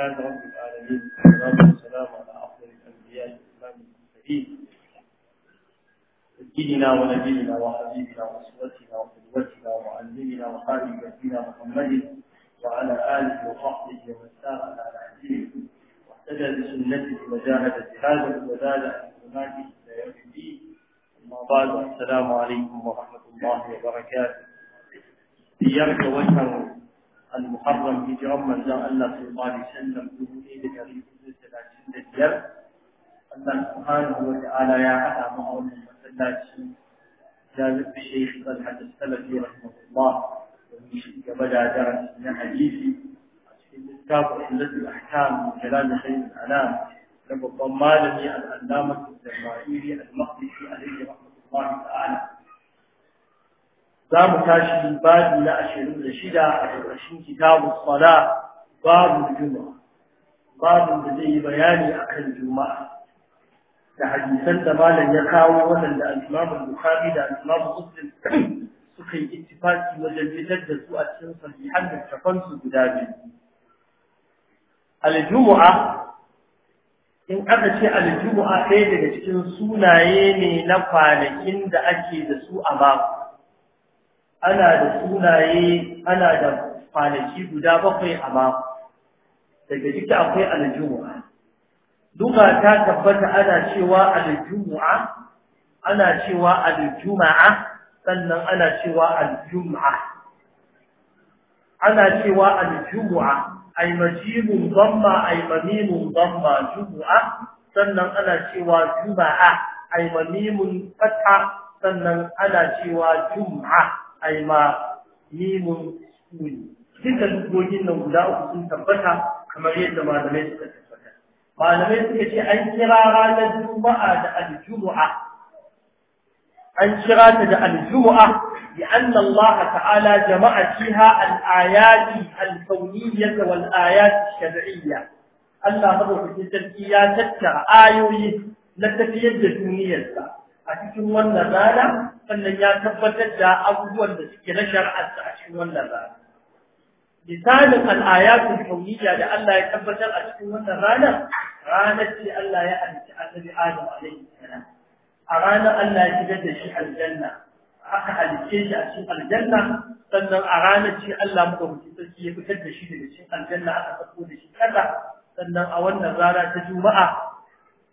لله رب العالمين والصلاة والسلام على أفضل الأنبياء والإمام المرسلين سيدنا ونبينا وحبيبنا وأسرتنا وقدوتنا ومعلمنا وخالد نبينا محمد وعلى آله وصحبه ومن سار على نهجه واهتدى بسنته وجاهد جهاده وزاد عن إلى يوم الدين أما بعد السلام عليكم ورحمة الله وبركاته إياك وجهه Muharrem gece Ramazan Allah Teala senden bunu eyleyerek bize selam dediler. Allah Subhanahu ve Teala'ya hata mağlubu mesellâcisin. Cazip bir şeyh kadar hadis selefi rahmetullah ve müşrike bela derecesine hadisi. Açıkın miskabı illetül ahkam ve celal-i khayyül alam. Rabbı tammalini el-allamak ve zemmaili el-mahdisi aleyhi rahmetullahi teala. za mu tashi babi na ashirin da shida a ƙarƙashin kitabu sala babu juma'a Babu da zai yi bayani kan juma'a da hadisan da malam ya kawo waɗanda al-imamu bukhari da al-imamu muslim suka yi ittifaki wajen fitar da su a cikin sahihan littafan tafansu guda biyu al in aka ce al-jumu'a ɗaya daga cikin sunaye ne na kwanakin da ake da su a mako ana da sunaye ana da kwanaki guda bakwai a mako daga ciki akwai aljumu'a duka ta tabbata ana cewa aljumu'a ana cewa aljumu'a sannan ana cewa aljumu'a ana cewa aljumu'a ay majibun dhamma ay mamimun dhamma jumu'a sannan ana cewa jumu'a ay mamimun fatha sannan ana cewa jumu'a aima nimu suni duka dukkokin nan guda uku sun tabbata kamar yadda malamai suka tabbata malamai suka ce an kira ranar juma'a da aljumu'a an kira ta da aljumu'a bi anna ta'ala jama'a fiha al-ayati al-kawniyyah wal-ayat al-shar'iyyah Allah mabukin sarki ya tattara ayoyi na tafiyar da duniyarsa a cikin wannan rana sannan ya tabbatar da abubuwan da suke na shari'arsa a cikin wannan rana misalin al'ayatul kauniyya da Allah ya tabbatar a cikin wannan ranar ranar ce Allah ya halitta annabi Adam laifin salam a ranar Allah ya shigar da shi aljanna aka halice shi a cikin aljanna sannan a ranar ce Allah madaukakin sarki ya fitar da shi daga cikin aljanna aka sako da shi kaza sannan a wannan rana ta juma'a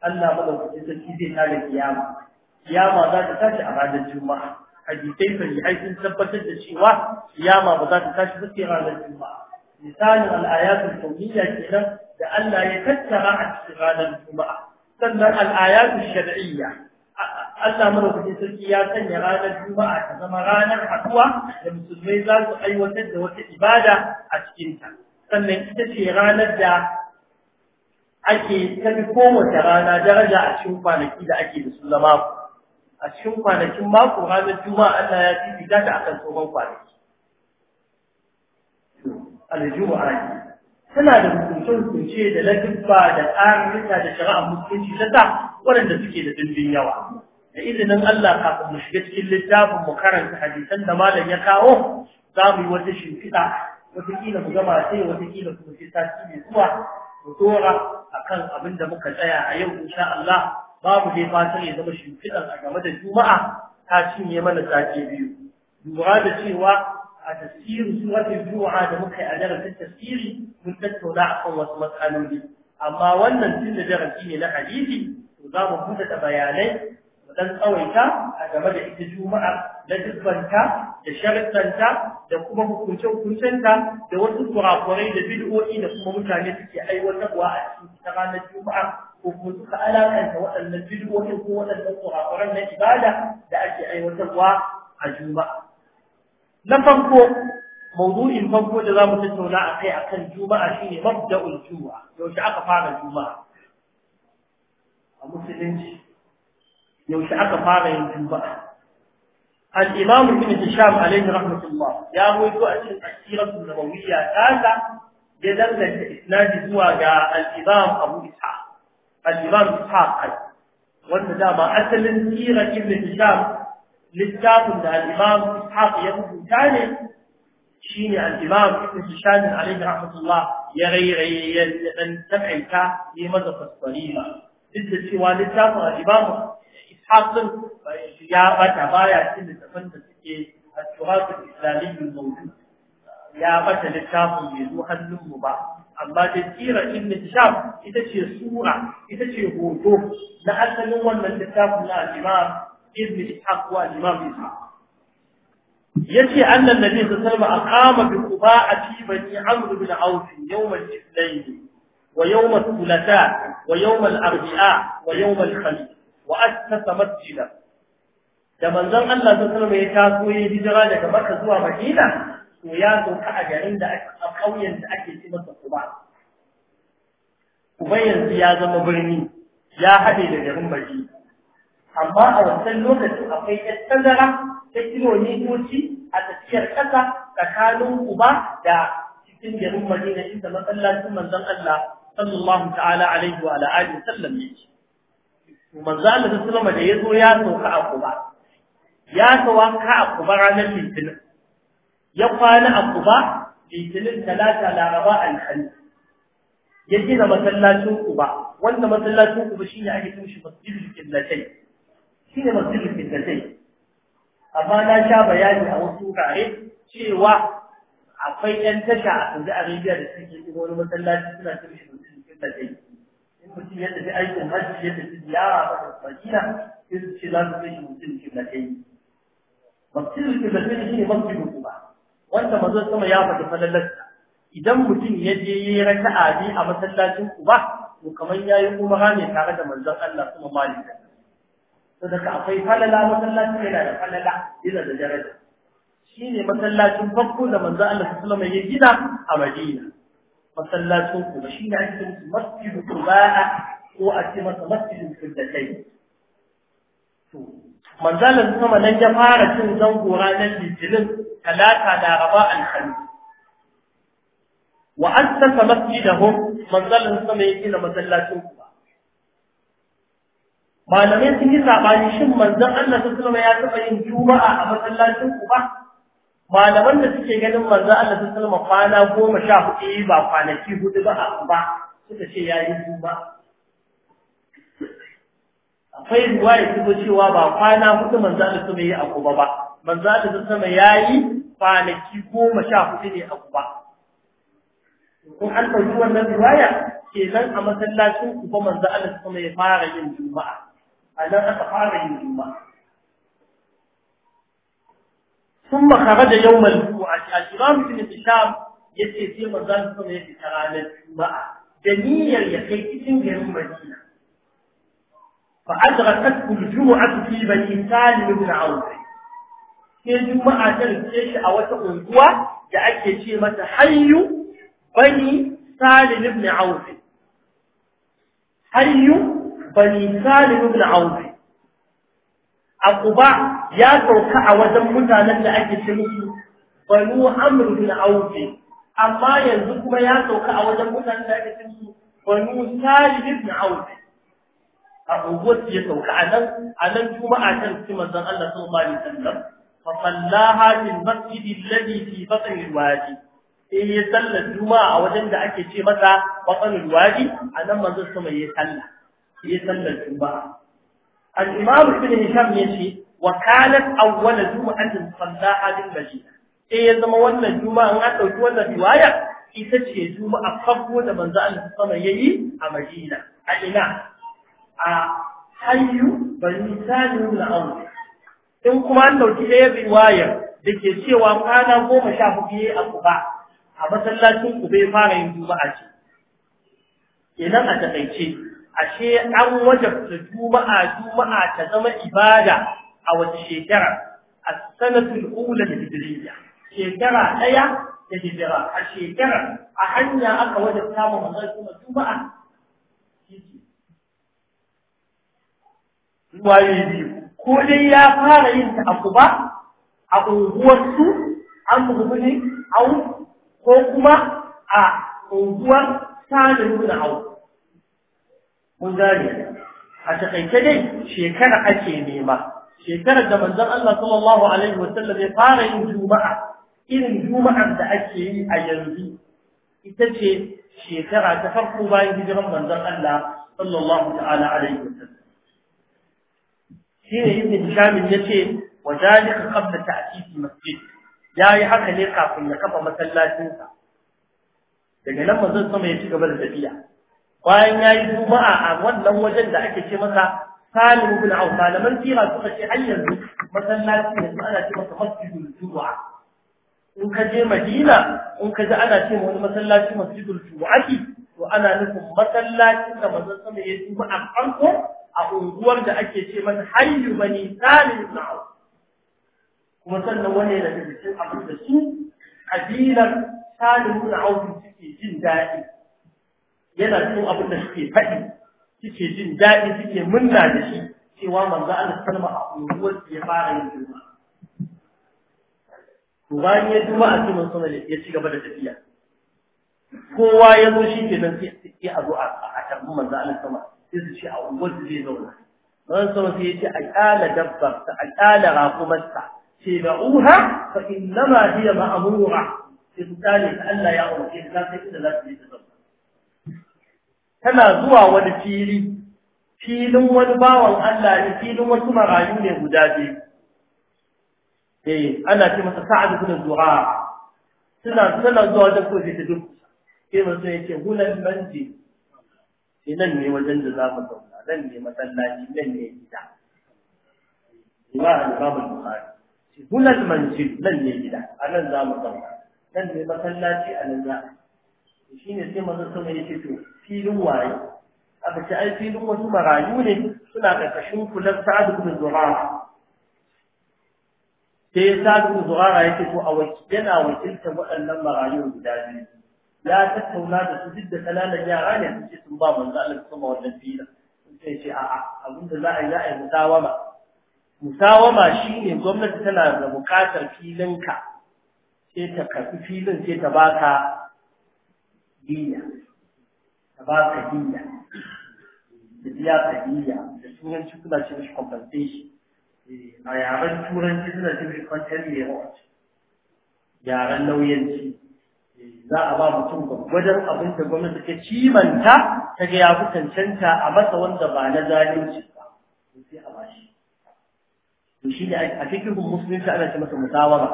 Allah madaukakin sarki zai tare kiyama kiyama za ta tashi a ranar juma'a hadisai sahihai sun tabbatar da cewa kiyama ba za ta tashi ba sai ranar juma'a misalin al'ayatul kauniyya kenan da Allah ya tattara a cikin ranar juma'a sannan al'ayatul shar'iyya Allah madaukakin sarki ya sanya ranar Juma'a ta zama ranar haduwa da musulmai za su aiwatar da wata ibada a cikinta. Sannan ita ce ranar da ake tafi kowace rana daraja a cikin kwanaki da ake da su zama a cikin kwanakin mako ranar juma'a Allah ya fifita ta akan tsohon kwanaki aljuma'a tana da hukunce-hukunce da lafiffa da tsarurruka da shari'ar musulunci ta sa waɗanda suke da dimbin yawa da izinin Allah kafin mu shiga cikin littafin mu karanta hadisan da malam ya kawo za mu yi wata shimfiɗa watakila mu gama sai watakila kuma sai sati mai zuwa mu akan abin da muka tsaya a yau insha Allah babu dai fatan ya zama shimfiɗar a game da juma'a ta cinye mana sake biyu lura da cewa a tasirin suratul juma'a da muka yi a darasin tasiri mun tattauna akan wasu matsaloli amma wannan tun da darasi ne na hadisi to za mu buɗe da bayanai mu dan tsawaita a game da ita juma'a na dubbanta da sharuɗanta da kuma hukunce-hukuncenta da wasu kurakurai da bid'o'i da kuma mutane suke aiwatarwa a cikin ranar juma'a ko kuma suka alakanta waɗannan bid'o'in ko waɗannan kurakuran na ibada da ake aiwatarwa a juma'a na farko mawdu'in farko da za zamu tattauna a kan juma'a shine mabda'ul juma'a yaushe aka fara juma'a a musulunci yaushe aka fara yin juma'a الإمام ابن هشام عليه رحمة الله يا رويتو أشهد السيرة النبوية تازة جدلت إسناد زواج الإمام أبو إسحاق al-Imam Ishaq wanda dama asalin hira Ibn Hisham littafin da al-Imam ya rubuta ne shine al-Imam Ibn Hisham alayhi rahmatullah ya rairaye ya dan takaita yi masa fasfarima duk da cewa littafin al-Imam ya bata baya cikin littafin da suke a turat al-Islami ya bata littafin bai zo hannun mu ba amma da tsira inda sham ita ce sura ita ce hoto na asalin wannan littafin na al-imam ibn ishaq wa al-imam ishaq yace annan nabi sallallahu alaihi wasallam aqama bi quba'ati bani amr da auf yau mai ithnain wa yau mai thulatha wa yau mai arbia wa yau mai khali, wa asasa masjida da manzon Allah ta alaihi ya taso ya hijira daga maka zuwa Madina to ya sauka a garin da aka a ƙauyen da ake ci masa kuba kuba yanzu ya zama birni ya haɗe da garin bari amma a wancan lokacin akwai ƴan tazara ta kilomitoci a tafiyar ƙasa tsakanin kuba da cikin garin madina inda masallacin manzon Allah sallallahu ta'ala alaihi wa ala alihi sallam yake manzo Allah sallallahu da yazo ya sauka a kuba ya sauka a kuba ranar litinin ya kwana a kuba litinin talata laraba alhari ya gina masallacin kuba wanda masallacin kuba shi ne ake tushe masjidul killatai shi ne masjidul killatai amma na sha bayani a wasu wurare cewa akwai yan tasha a Saudi Arabiya da suke yi wani masallaci suna tushe masjidul killatai in mutum ya tafi aikin hajji ya tafi ziyara a Madina sai su ce za su tushe masjidul killatai masjidul killatai shi ne masjidul kuba wanda mazo sama ya faɗi falalarsa idan mutum ya je yi raka'a bi a masallacin Quba to kamar yayi umara ne tare da manzon Allah kuma malika to daga akwai falala masallacin yana da falala yana da daraja shine masallacin farko da manzon Allah sallallahu alaihi wasallam ya gina a Madina masallacin Quba shine ake cewa Masjidu Quba ko ake masa Masjidul Qiblatain to manzon Allah sama nan ya fara cin zango ranar Litinin talata laraba alhamis wa an assasa masjidahum manzalin sama ya gina masallacin kuba malamai sun yi sabani shin manzon Allah sallallahu alaihi ya taba yin juma'a a masallacin kuba malaman da suke ganin manzon Allah sallallahu alaihi kwana goma sha hudu ba kwanaki hudu ba a ba, suka ce ya yi juma'a akwai ya ta cewa ba kwana hudu manzon Allah sallallahu alaihi yi a kuba ba من ذات السماء ياي فالكي قوم شافتي لي أبا وأنت هو الذي وايا إذن أما سلاسون كفو من ذات السماء يفارج الجمعة أنا أتفارج الجمعة ثم خرج يوم الجمعة أجرام في الشام يتي في من ذات السماء يفارج الجمعة جميع يكيكين جرم مدينة فأدرست الجمعة في بني سالم بن عوفي sai juma'a ta rike shi a wata unguwa da ake ce mata hayyu bani salim ibn auf hayyu bani salim ibn auf a kuba ya sauka a wajen mutanen da ake ce musu banu amr ibn auf amma yanzu kuma ya sauka a wajen mutanen da ake ce musu banu salim ibn auf a unguwar ya sauka a nan a nan juma'a ta rike manzon Allah sallallahu alaihi wasallam فصلاها في المسجد الذي في بطن الوادي sai ya sallar juma'a a wajen da ake ce masa batsanul wadi a nan manzon sama ya salla ya sallar juma'a al-imam ibn hisham ya ce wa kanat awwal juma'atin sallaha bil madina sai ya zama wannan juma'a an dauki wannan riwaya ita ce juma'a farko da manzon Allah sama yayi a Madina a ina a hayyu bani salim na aure in kuma an ɗauki ɗaya riwaya da ke cewa kwana goma sha hudu ya a kuba a masallacin kuba fara yin juma'a ce kenan a taƙaice ashe an wajabta juma'a juma'a ta zama ibada a wace shekara a sanatul ula da hijriya shekara ɗaya da hijira a shekara, a hanya aka wajabta mu masallacin juma'a yi biyu ko dai ya fara yin ta abu ba a unguwarsu an muhimmi au ko kuma a unguwar sanin na au mun gane a takaice dai shekara ake nema shekarar da manzon Allah sallallahu alaihi wasallam ya fara yin juma'a irin juma'ar da ake yi a yanzu ita ce shekara ta farko bayan hijiran manzon Allah sallallahu ta'ala alaihi wasallam shi ne ibn Hisham ya ce wa zalika qabla ta'sis masjid yayi haka ne kafin ya kafa masallacin sa daga nan manzon sama ya ci gaba da tafiya bayan yayi juma'a a wannan wajen da ake ce masa Salim ibn Auf malaman sira suka ce har yanzu masallacin yanzu ana ce masa masjidul juma'a in ka je Madina in ka ji ana ce wani masallaci masjidul juma'a to ana nufin masallacin da manzon sama ya juma'a farko a unguwar da ake ce mata hayyu bani salim sa'ud kuma sannan wani daga cikin abin da su kabilar salim ibn suke jin daɗi yana cikin abin da suke faɗi suke jin daɗi suke murna da shi cewa manzo Allah sallama a unguwar ya fara yin juma'a bayan ya juma'a sai manzo Allah ya ci gaba da tafiya kowa ya zo shi kenan sai a zo a tarbi manzo Allah sallama sai su ce a unguwar su zai zauna man sama sai ya ce a ƙyala dabbar ta a ƙyala raƙumarsa ce ga uha fa innama hiya ma'amura sai su ƙyale ta Allah ya umarce ta sai inda za su je ta zauna tana zuwa wani fili filin wani bawan Allah ne filin wasu marayu ne guda biyu eh ana ce masa sa'ad ibn zu'a suna suna zuwa wajen kofi ta duk sai mutum ya ce hulan manji nan ne wajen da za mu zauna nan ne masallaci nan ne gida ima al-imam bukhari hunal manzil nan ne gida a nan za mu zauna nan ne masallaci a nan za shi ne sai manzo sama ya ce to filin waye aka ce ai filin wasu marayu ne suna ƙarƙashin kulan Sa'adu ibn zuhara sai Sa'adu ibn zuhara ya ce to a yana wakiltar waɗannan marayu guda biyu ya tattauna da su duk da kananan yara ne su ce sun ba manzo Allah sama wannan fila Sun ce a'a da za a yi za a yi musawama musawama ne gwamnati tana da bukatar filinka sai ta karbi filin sai ta baka diya ta baka diya da biya ka diya da turanci suna ce mishi compensation eh, a yaren turanci suna ce mishi contrary yaren nauyin nauyanci za a ba mutum gwaggwajen abin da gwamnati ta cimanta, ta ga ya fi cancanta a masa wanda ba na zalunci ba sai a bashi to shi ne a cikin musulunci ana ce masa musawara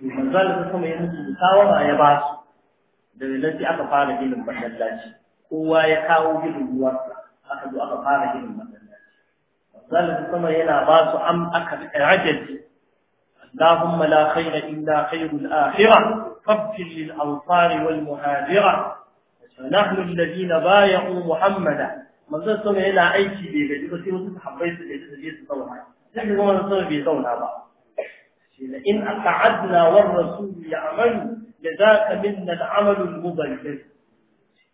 to manzo Allah kuma ya musu musawara ya ba su da nan sai aka fara ginin masallaci kowa ya kawo ginin ruwansa aka zo aka fara ginin masallaci manzo Allah kuma yana ba su am aka rage اللهم لا خير إلا خير الآخرة فابكر للأنصار والمهاجرة فنحن الذين بايعوا محمدا manzon sama yana aiki bai gaji ba sai wasu su gaji su je su zauna sai kuma manzon sama bai zauna ba shi da in aqadna war rasul ya'malu jazaka minna al-amal al-muballigh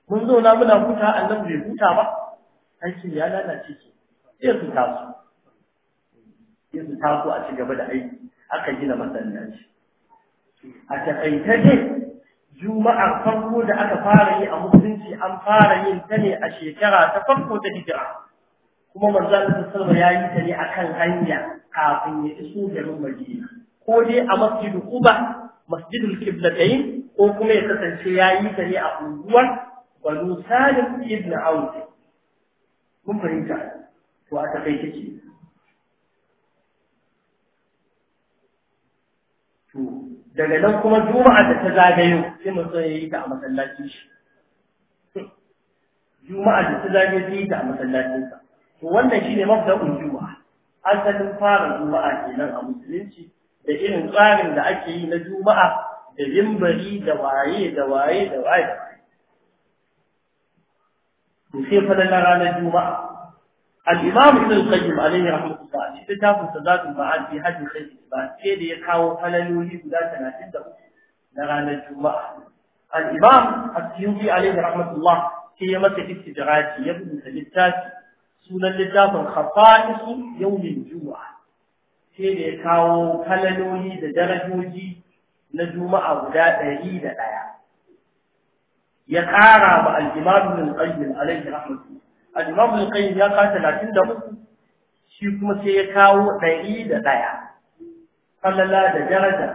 mun zauna muna huta annabi bai huta ba aikin ya lalace ke taso taso a ci gaba da aiki aka gina masallaci a taƙaita ne juma'a farko da aka fara yi a musulunci an fara yin ta ne a shekara ta farko ta hijira kuma manzon sallallahu ya yi ta ne akan hanya kafin ya iso garin Madina ko dai a masjidu Quba masjidul Qiblatayn ko kuma ya kasance ya yi ta ne a unguwar Banu Salim ibn Auf mun fahimta to a ce to daga nan kuma juma'a da ta zagayo sai mu ya yi ta a masallacin shi juma'a da ta zagayo sai yi ta a masallacin sa to wannan shine mabda'un juma'a asalin fara juma'a kenan a musulunci da irin tsarin da ake yi na juma'a da limbari da waye da waye da waye to sai fa ranar juma'a الإمام ابن القيم عليه رحمة الله في كتاب سداد المعاد في هذه خير الإسلام كيف يقاو فللولي ولا لا تناسده لغانا الجمعة الإمام السيوبي عليه رحمة الله في يمسك استدراجي يبن سلسات سنة لجاب خصائص يوم الجمعة كيف يكاو فللولي لدرجوجي لجمعة ولا تهيد لها يقارب الإمام ابن القيم عليه رحمة الله al-imam al-qayyim ya ka 33 shi kuma sai ya kawo da 101 sallala da daraja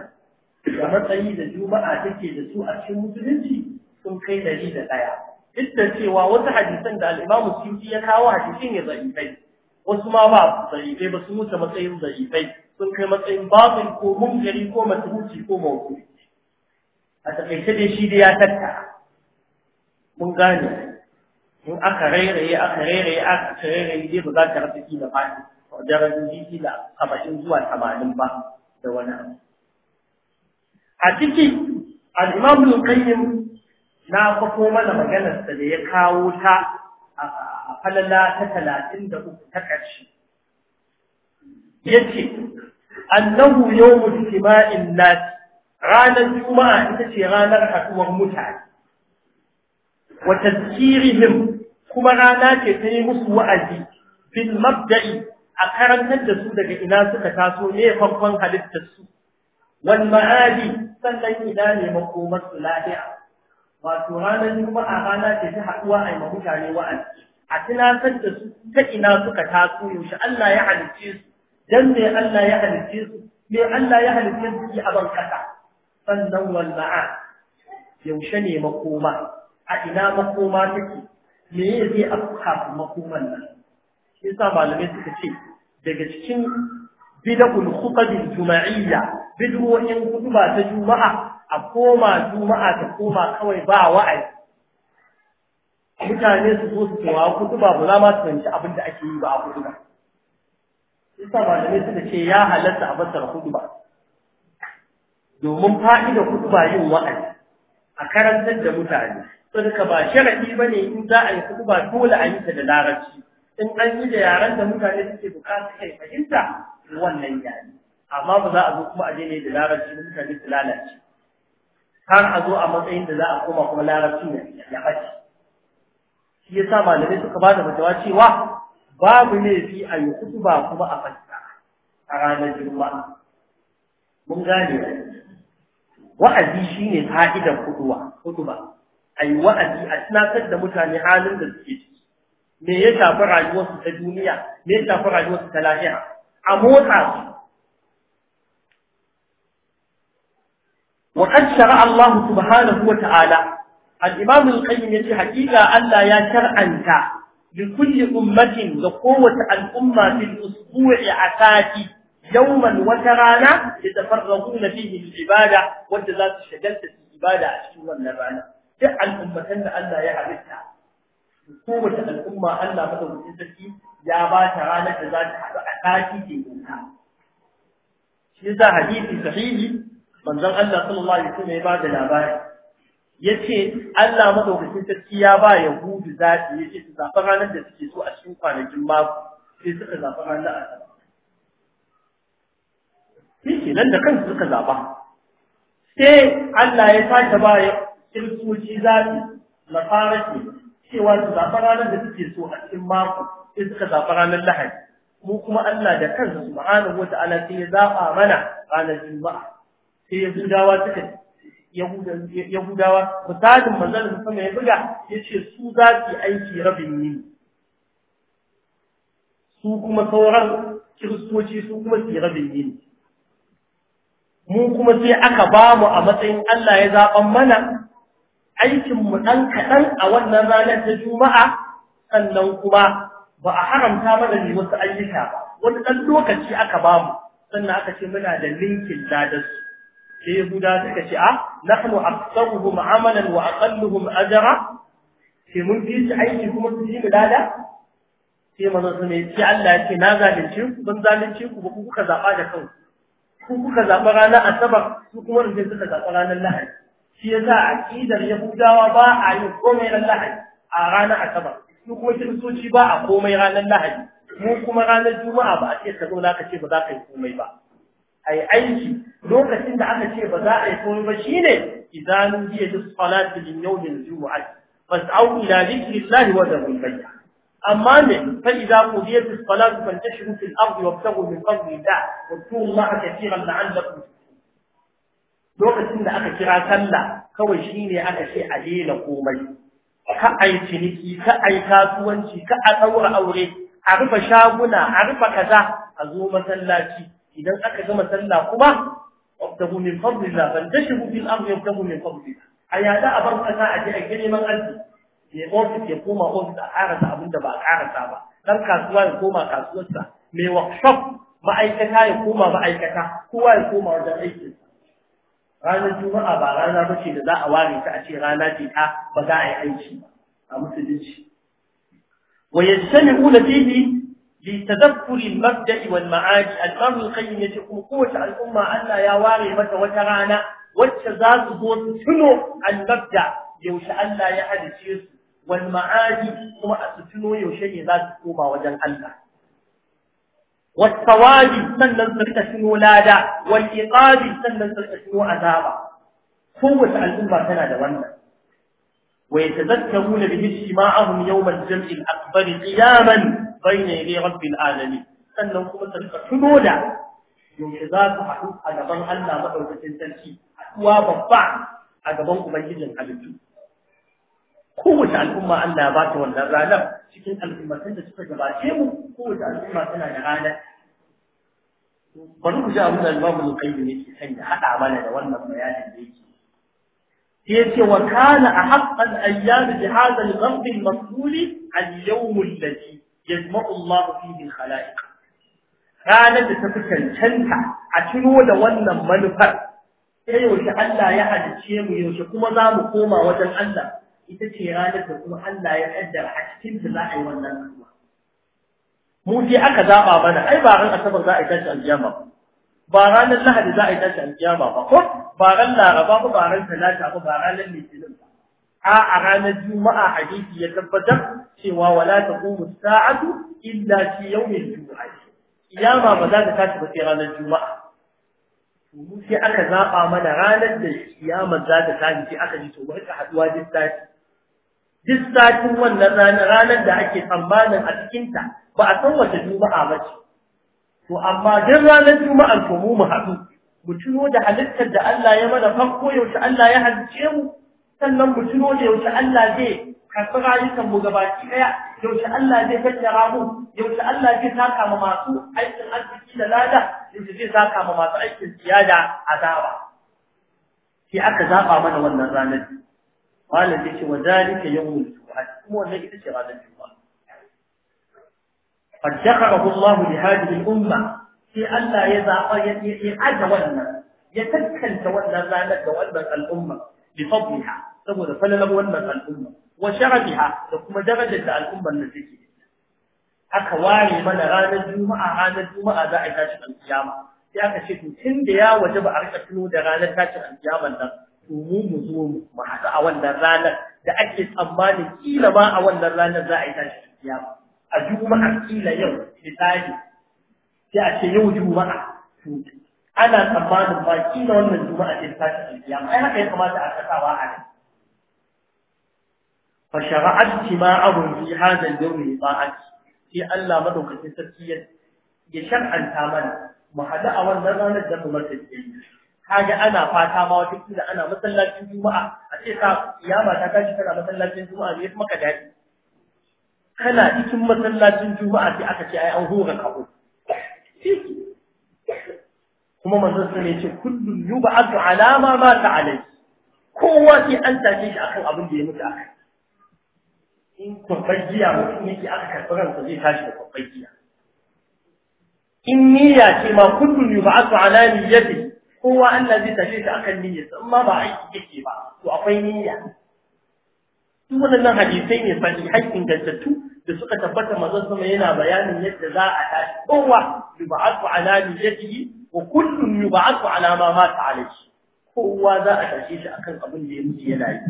da matsayi da juma'a take da su a cikin musulunci sun kai 101 duk da cewa wasu hadisan da al-imam suyuti ya kawo hadisin ya zaifai wasu ma ba su zaifai ba su wuce matsayin zaifai sun kai matsayin babu ko munkari ko matuci ko mawdu'i a takaice dai shi dai ya tattara mun gane in aka rairaye aka rairaye aka rairaye dai ba za ta rasa kila ba darajoji kila saba'in zuwa tamanin ba da wani abu a ciki al'imam bin qayyim na kwafo mana maganarsa da ya kawo ta a falala ta talatin da uku ta ƙarshe ya yau annahu yawmul jima'in nas ranar juma'a ita ce ranar haɗuwar mutane wa tazkirihim kuma rana ce ta yi musu wa'azi bil mabda'i a karantar da su daga ina suka taso ne fanfan halittar su wal ma'adi sannan ina ne makomar su lafiya wato ranar juma'a rana ce ta haɗuwa a yi mutane wa'azi a tunatar da su ta ina suka taso yaushe Allah ya halicce su dan me Allah ya halicce su me Allah ya halicce su a ban kasa sannan wal ma'a yaushe ne makoma a ina makoma take me ya zai afka makoman nan shi sa malamai suka ce daga cikin bid'ul khutabil juma'iyya bid'o'in kutuba ta juma'a a koma juma'a ta koma kawai ba wa'azi mutane su zo su tawa kutuba ba za ma su abin da ake yi ba a kutuba yasa malamai suka ce ya halatta a basar kutuba domin fa'ida kutuba yin wa'azi a karantar da mutane saboda ba sharadi bane in za a yi kudu ba dole a yi ta da larabci in an yi da yaren da mutane suke bukata kai fahimta wannan yare amma ba za a zo kuma a je ne da larabci da mutane su lalace har a zo a matsayin da za a koma kuma larabci ne ya ɓace shi ya sa malamai suka ba da fatawa cewa babu fi a yi kudu ba kuma a fahimta. a ranar juma'a mun gane wa'azi shine fa'idar kuduwa kuduwa a yi wa’adi a tunatar da mutane halin da suke ciki, me ya shafi rayuwarsu ta duniya, me ya shafi rayuwarsu ta lahira, a motsa su. Wakan shara Allah subhanahu wa ta’ala, al’imam al’ayyum ya ce haƙiƙa Allah ya kar'anta bi kulli ummatin da kowace al'umma bil usbu'i a sati yawman wata rana da tafarrahu na fihi ibada wanda za su shagalta ibada a cikin wannan rana. duk al'ummatan da Allah ya halitta kowace al'umma Allah madaukakin sarki ya ba ta ranar da za ta haɗu a ɗaki ke nuna shi yasa hadisi sahihi manzon Allah sallallahu alaihi wasallam ya ba da labari yace Allah madaukakin sarki ya ba yahudu zaɓi yace su zaɓi ranar da suke so a cikin kwanakin mako sai suka zaɓi ranar asabar shi nan da kansu suka zaɓa sai Allah ya sace ba kiristoci za su fara ke cewa su zaɓa ranar da suke so a cikin mako sai suka zaɓa ranar lahadi mu kuma Allah da kansa subhanahu wata'ala sai ya zaɓa mana ranar juma'a sai yahudawa suka yahudawa misalin manzon sama ya buga ya ce su za su aiki rabin yini su kuma sauran kiristoci su kuma su rabin yini mu kuma sai aka ba mu a matsayin Allah ya zaɓan mana aikin mu dan kaɗan a wannan ranar ta juma'a sannan kuma ba a haramta mana ne wasu ayyuka ba wani ɗan lokaci aka ba mu, sannan aka ce muna da linkin ladarsu sai yahuda suka ce a ah, nahnu aktsaruhum amalan wa aqalluhum ajra sai mun fi shi aiki kuma su yi lada sai manzon sun yi ce Allah ya ce na zalunce ku ban zalunce ku ba ku kuka zaba da kanku ku kuka zaba ranar asabar su kuma rufe suka zaba ranar lahadi shi yasa aqidar yahudawa ba a yi komai ran lahadi a ranar asabar su kuma kiristoci ba a komai ranar lahadi mu kuma ranar juma'a ba a ce ka zauna ka ce ba za ka yi komai ba a yi aiki lokacin da aka ce ba za a yi komai ba shine idan biya da salatu min yawmin juma'a fas'au ila dhikrillahi wa dhabul bayt أما من فإذا قضيت الصلاة فانتشروا في الأرض وابتغوا من فضل الله واذكروا الله كثيرا لعلكم lokacin da aka kira sallah kawai shi ne aka ce a daina komai ka a yi ciniki ka a yi kasuwanci ka a ɗaura aure a rufe shaguna a rufe kaza a zo masallaci idan aka gama sallah kuma wabtahu min fadlillah bal tashu fil ardi wabtahu min fadlillah a yada a bar kasa a je a gani man arziki ya ofis ya koma ofis a karasa abin da ba a karasa ba dan kasuwa ya koma kasuwarsa mai workshop ma'aikata ya koma ma'aikata kowa ya koma wajen aikinsa ranar juma'a ba rana ba ce da za a ware ta a ce rana ce ta ba za a yi aiki a musulunci wa yajtami'u fihi li tadhakkuri al-mabda'i wal ma'adi al-mar'i al-qayyim kuma kowace al'umma Allah ya ware mata wata rana wacce za su zo su tuno al yaushe Allah ya adace su wal kuma a su tuno yaushe ne za su koma wajen Allah والثواب sannan su rika shino lada wal iqabi sannan su rika shino azaba kowace al'umma tana da wannan wa yatazakkaruna bihi shima'ahum yawm al-jam'i al-akbar qiyaman bayna yaday rabbil alamin sannan kuma su tuno da yaushe za su haɗu a gaban Allah madaukakin sarki haɗuwa babba a gaban ubangijin halittu kowace al'umma Allah ba ta wannan ranar cikin al'ummatan da suka gabace mu kowace al'umma tana da ranar bari ku ji abin da Imam Al-Qayyim ke sanya hada mana da wannan bayanin da yake ce, wa kana ahaqqan ayyam bi hadha al-ghamd al-mas'ul al-yawm alladhi yajma'u Allah fihi al-khalaiq ranar da ta fi cancanta a ciro da wannan manufar sai yaushe Allah ya halice mu yaushe kuma za mu koma wajen Allah ita ce ranar da kuma Allah ya kaddara a cikin da za a yi wannan kuma. mu sai aka zaɓa bana ai ba ran asabar za a yi tashi aljiyama ba ba ranar lahadi za a yi tashi aljiyama ba ko ba ran laraba ba ba ran talata ba ba ranar litinin ba a a ranar juma'a hadisi ya tabbatar cewa wala taqumu Sa'adu illa fi yawmil jumu'ah kiyama ba za ta tashi ba sai ranar juma'a mu sai aka zaɓa mana ranar da kiyama za ta tashi sai aka ji to mu rika haduwa duk tashi. duk satin wannan ranar da ake tsammanin a cikinta ba a san wata juma'a ba ce to amma duk ranar juma'ar to mu haɗu mu tuno da halittar da Allah ya mana farko yaushe Allah ya halicce mu sannan mu tuno da yaushe Allah zai karɓi rayukan mu gabaki ɗaya yaushe Allah zai tattara mu yaushe Allah zai saka ma masu aikin arziki da lada yaushe zai saka ma masu aikin siyada azaba sai aka zaɓa mana wannan ranar malam ya ce wa zalika yawmul jumu'ah kuma wannan ita ce ranar juma'a قد شكره الله لهذه الأمة في ألا tattanta wannan يتكل da ذلك تولى الأمة بفضلها saboda falalar wannan al'umma wa sharafiha da kuma darajar da al'ummar nan take aka ware mana ranar juma'a ranar juma'a za a tashi alkiyama sai aka ce to tun da ya waje ba a rika tuno da ranar tashin alkiyaman nan to mu mu zo mu haɗu a wannan ranar da ake tsammanin kila ba a wannan ranar za a yi tashi kiyama a juma'a kila yau misali sai a ce yau juma'a to ana tsammanin ba kila wannan juma'a ce tashi kiyama ai haka ya kamata a kasawa a nan fa shara'at tima'ahum fi hadha al-yawm ta'ati sai Allah madaukakin sarki ya shar'anta mana mu haɗu a wannan ranar da mu mata kiyama kaga ana fata ma wata kila ana masallacin juma'a a ce ka iyama ta tashi tana masallacin juma'a ne kuma ka dace kana cikin masallacin juma'a sai aka ce ai an hura kaho kuma manzon sun ce kullun yub'atu ala ma mata alai kowa sai an tashi shi akan abin da ya mutu akai in kwabbar jiya mutum yake aka karɓi ransa zai tashi da kwabbar jiya. in niyya ce ma kullun yub'atu ala niyyati kowa Allah zai tafi ta akan niyyarsa in ma ba aiki yake ba to akwai niyya duk waɗannan hadisai ne sahihai ingantattu da suka tabbata manzon sama yana bayanin yadda za a tashi kowa yub'athu ala niyyatihi wa kullun yub'athu ala ma mata alayhi kowa za a tashe shi akan abin da ya mutu yana yi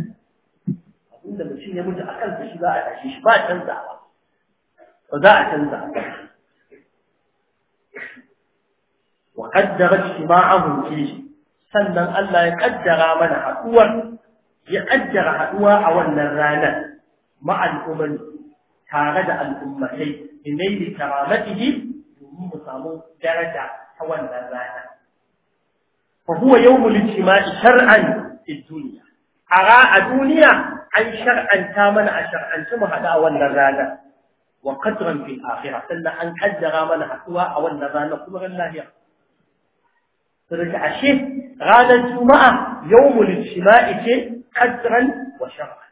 abin da mutum ya mutu akan sa shi za a tashe shi ba canzawa ba za a canza وقدر اجتماعهم فيه سنة ألا يقدر من حقوة يقدر حقوة أولا رانا مع الأمم تارد الأمتين إنين كرامته يوم صامو درجة أولا رانا فهو يوم الاجتماع شرعا في الدنيا أراء الدنيا أي شرعا كامل أشرعا ثم هذا أولا رانا وقدرا في الآخرة سنة أن قدر من حقوة أولا رانا قمر الله يقول saboda ashe ranar juma'a yau jima'i ce qadran wa shar'an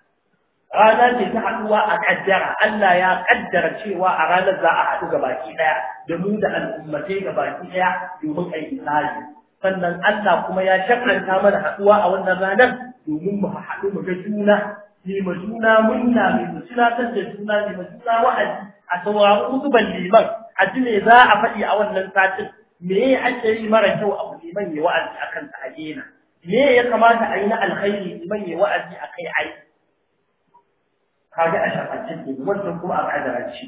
rana ce ta haduwa a kaddara Allah ya kaddara cewa a ranar za a haɗu gabaki daya da mu da al'ummatai gabaki daya domin a yi sannan Allah kuma ya shakanta mana haɗuwa a wannan ranar domin mu haɗu mu ga juna ne ma juna munna ne mu tunatar da juna ne ma juna wa'azi a saurari hutuban liman a ne za a faɗi a wannan satin me ake yi mara kyau a liman ya wa'azi akan ta ajena me ya kamata a yi na alkhairi liman ya wa'azi akai ai kaga a shafatin ne wannan kuma a kadarci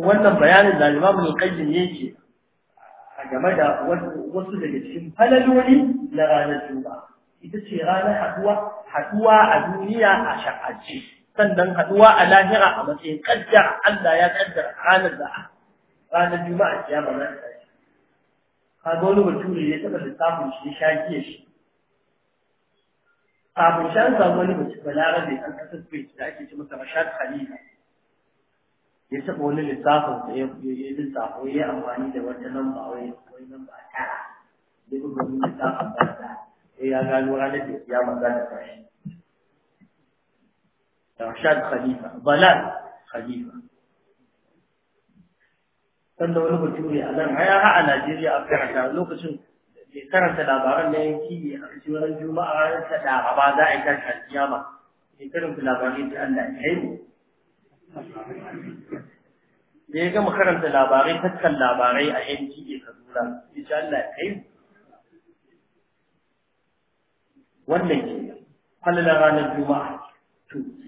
wannan bayanin da Imam Al-Qayyim yake a game da wasu daga cikin falaloli na ranar Juma'a ita ce ranar haduwa haduwa a duniya a shafatin sannan haduwa a lahira a matsayin kaddara Allah ya kaddara ranar da ranar Juma'a kiyama nan Ka kaga wani bature ya taɓa lissafin shi ya shaƙiye shi kafin shi an samu wani mace balarabe an kasar spain da ake ce masa rashad khalifa ya taɓa wani lissafin da ya yi lissafo ya amfani da wata lamba wai wai lamba a tara ya yi wani lissafin banza sai ya gano ranar da ya magana da shi. rashad khalifa balal khalifa sanda wani bature a nan haya ha a Najeriya a karanta lokacin da karanta labaran ya yanki a cikin ranar Juma'a ranar ta Laraba za a yi tashi kiyama ne karanta labarin ta Allah ya yi da ya gama karanta labarai tattan labarai a yanki a Kaduna ya ce Allah ya yi wannan ke falalar ranar Juma'a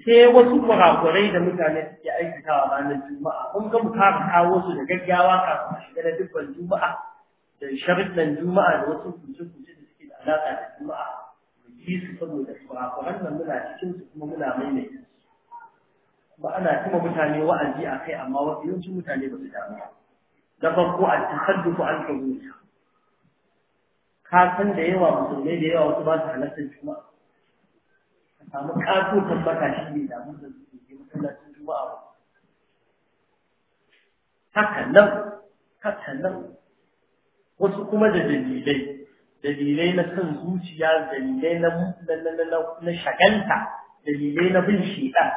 sai wasu kurakurai da mutane suke aikatawa ranar juma'a kun ga mu fara kawo su da gaggawa kafin a shiga na dubban juma'a da sharuɗan juma'a da wasu kuce-kuce da suke da alaƙa da juma'a mu ji su saboda kurakuran nan muna cikin su kuma muna maimaita ba ana kuma mutane wa'azi a kai amma wasu yawanci mutane ba su damu ba na farko a tahadduku an kabuta ka san da yawa musulmai da yawa wasu ba su halartar juma'a ka samu kato tabbata shi ne damun da su ke masallacin juma'a ba haka nan haka nan wasu kuma da dalilai dalilai na son zuciya dalilai na na shagalta dalilai na bin shedan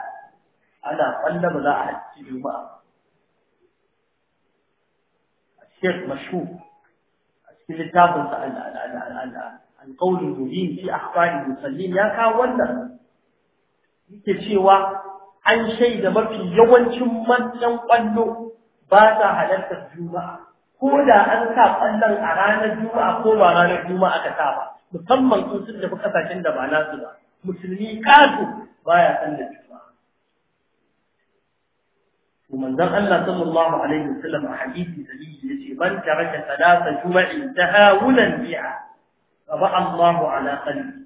ana kwalla ba za a hajji juma'a الشيخ مشهور في الكتاب القول المبين في أخطاء المصلين يا كاولا yake cewa an shaida mafi yawancin manyan ƙwallo ba sa halartar juma'a ko da an sa ƙwallon a ranar juma'a ko ba ranar juma'a ka sa ba musamman sun sun tafi ƙasashen da ba nasu ba musulmi kato baya da juma'a to manzon Allah sallallahu alaihi wasallam a hadisi sahihi yace man taraka salata juma'i tahawulan biha fa ba Allahu ala qalbi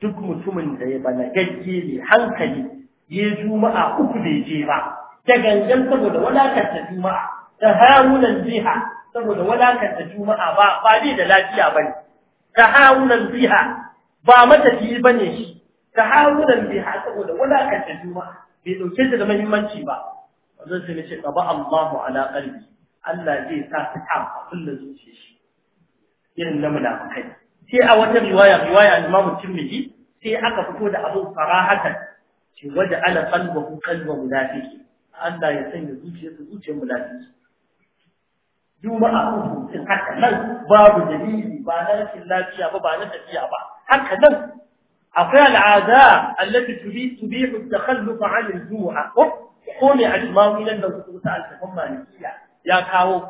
duk mutumin da ya bana gaggi ne hankali ya juma'a uku bai je ba da gangan saboda walakanta juma'a ta harunan ziha saboda walakanta juma'a ba ba ne. da lafiya ba ne ta harunan jiha ba ba bane shi ta harunan jiha saboda walakanta juma'a bai dauke ta da muhimmanci ba wannan sai nace qaba Allahu ala qalbi Allah zai sa ta tafi kullun shi irin na munafikai sai a wata riwaya riwaya Imam Tirmidhi sai aka fito da abin farahatan ce waje ala qalbuhu qalbu munafiqi Allah ya sanya zuciyarsa zuciyar munafiki juma'a uku in haka nan babu dalili ba na rashin lafiya ba ba na tafiya ba haka nan akwai al'ada allati tubi tubihu at-takhalluf 'an al-jumu'a وقومي عجماوي لن نذكر تعالى مالكية يا كاو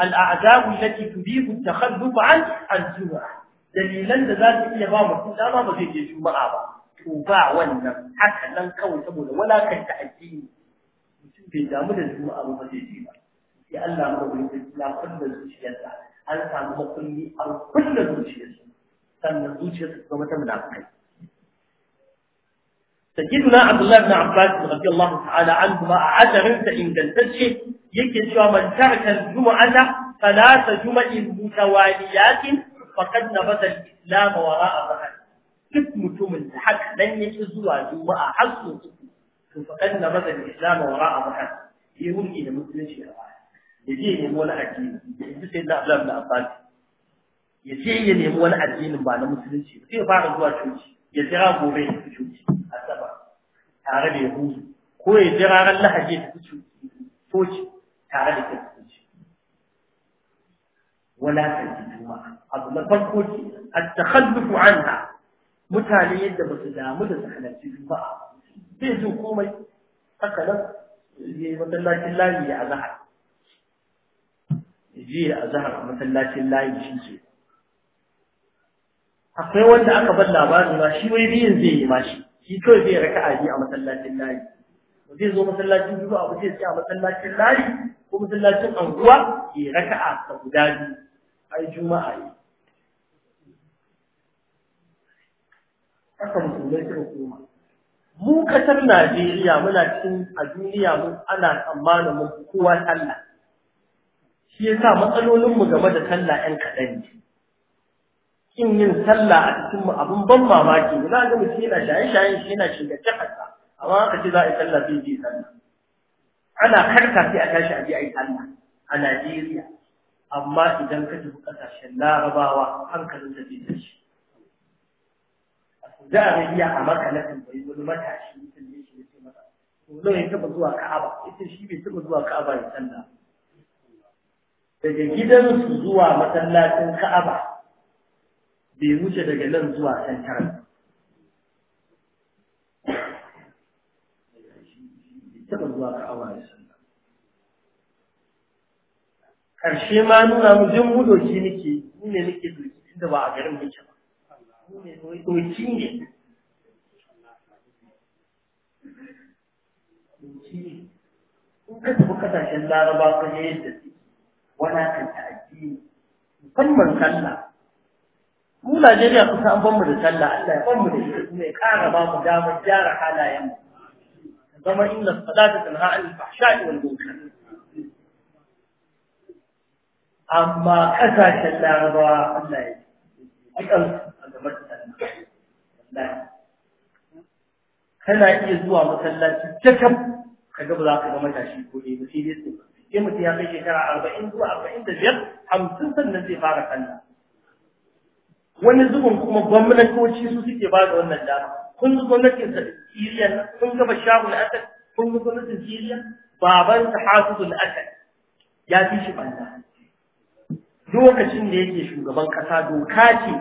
الأعداء التي تريد التخلف عن الجمعة dalilan da za su iya ba mutum dama ba zai je juma'a ba to ba wannan haka nan kawai saboda walakanta addini mutum bai damu da juma'a ba zai je ba sai Allah ma wani da ya kulla zuciyarsa an samu makulli an kulla zuciyarsa sannan zuciyarsa ta zama ta munafikai سيدنا عبد الله بن عباس رضي الله تعالى عنهما عذرت إن تنتشي يكي شوى من ترك الجمعة ثلاث جمع متواليات faqad nabata al-islam wara'a zahar duk mutumin da haka dan yake zuwa juma'a har so to faqad nabata al-islam wara'a zahar yi hulki da musulunci a baya je ya nemi wani addini yanzu sai da Abdullah bin Abbas yaje ya nemi wani addinin ba na musulunci ba sai fara zuwa coci ya jira gobe ya fi coci asaba tare da yahudu ko ya jira ran lahaji ya fi coci tare da kai wulakanci juma'a abu na farko ce at-takhallufu anha mutane yadda ba su damu da su halarci juma'a zai zo komai tsakanin ya yi masallacin layi ya azahar je ya azahar a masallacin layi shi ke akwai wanda aka bar labari ma shi wai biyin zai yi ma shi shi kawai zai raka a a masallacin layi ba zai zo masallacin juma'a ba zai tsaya a masallacin layi ko masallacin anguwa ya raka a guda biyu ai juma'a ne haka musulmai suka koma mu kasar Najeriya muna cikin a duniya mun ana tsammanin mun kowa sallah shi yasa matsalolin mu game da Talla 'yan kaɗan ne kin yin sallah a cikin mu abun ban mamaki ne za ga mutum yana shaye-shayen shi yana shingace kansa amma aka ce za a yi sallah sai sallah ana karka sai a tashi a a yi sallah a Najeriya amma idan ka tafi kasashen larabawa hankalin ta bai tashi a saudi a maka na tambayi wani matashi mutum ne shi ya ce masa to nawa ya taba zuwa ka'aba ita shi bai taba zuwa ka'aba ya sallah daga gidansu zuwa masallacin ka'aba bai wuce daga nan zuwa can tara taɓa zuwa ka'aba ya ƙarshe ma nuna mu jin mu doki nake ni ne nake doki inda ba a garin muke ba mu ne doki ne doki ne in ka tafi kasashen laraba ka je yadda su wani kan ta addini musamman sallah mu Najeriya kusa an banmu da sallah Allah ya banmu da shi, kuma ya ƙara ba mu damar gyara halayen mu zama inna salata tanha anil fahsha'i wal munkar amma kasashen larabawa Allah ya ji kansu a kana iya zuwa masallaci cikin kaga ba za ka ga matashi ko ne ba ne su sai mutum ya kai shekara arba'in zuwa arba'in da biyar hamsin sannan zai fara sallah wani zubin kuma gwamnatoci su suke ba da wannan dama kun ji gwamnatin Siriya kun ga na Asad kun zuba gwamnatin Siriya baban sa Hafizul Asad ya fi shi banza. lokacin da yake shugaban kasa doka ce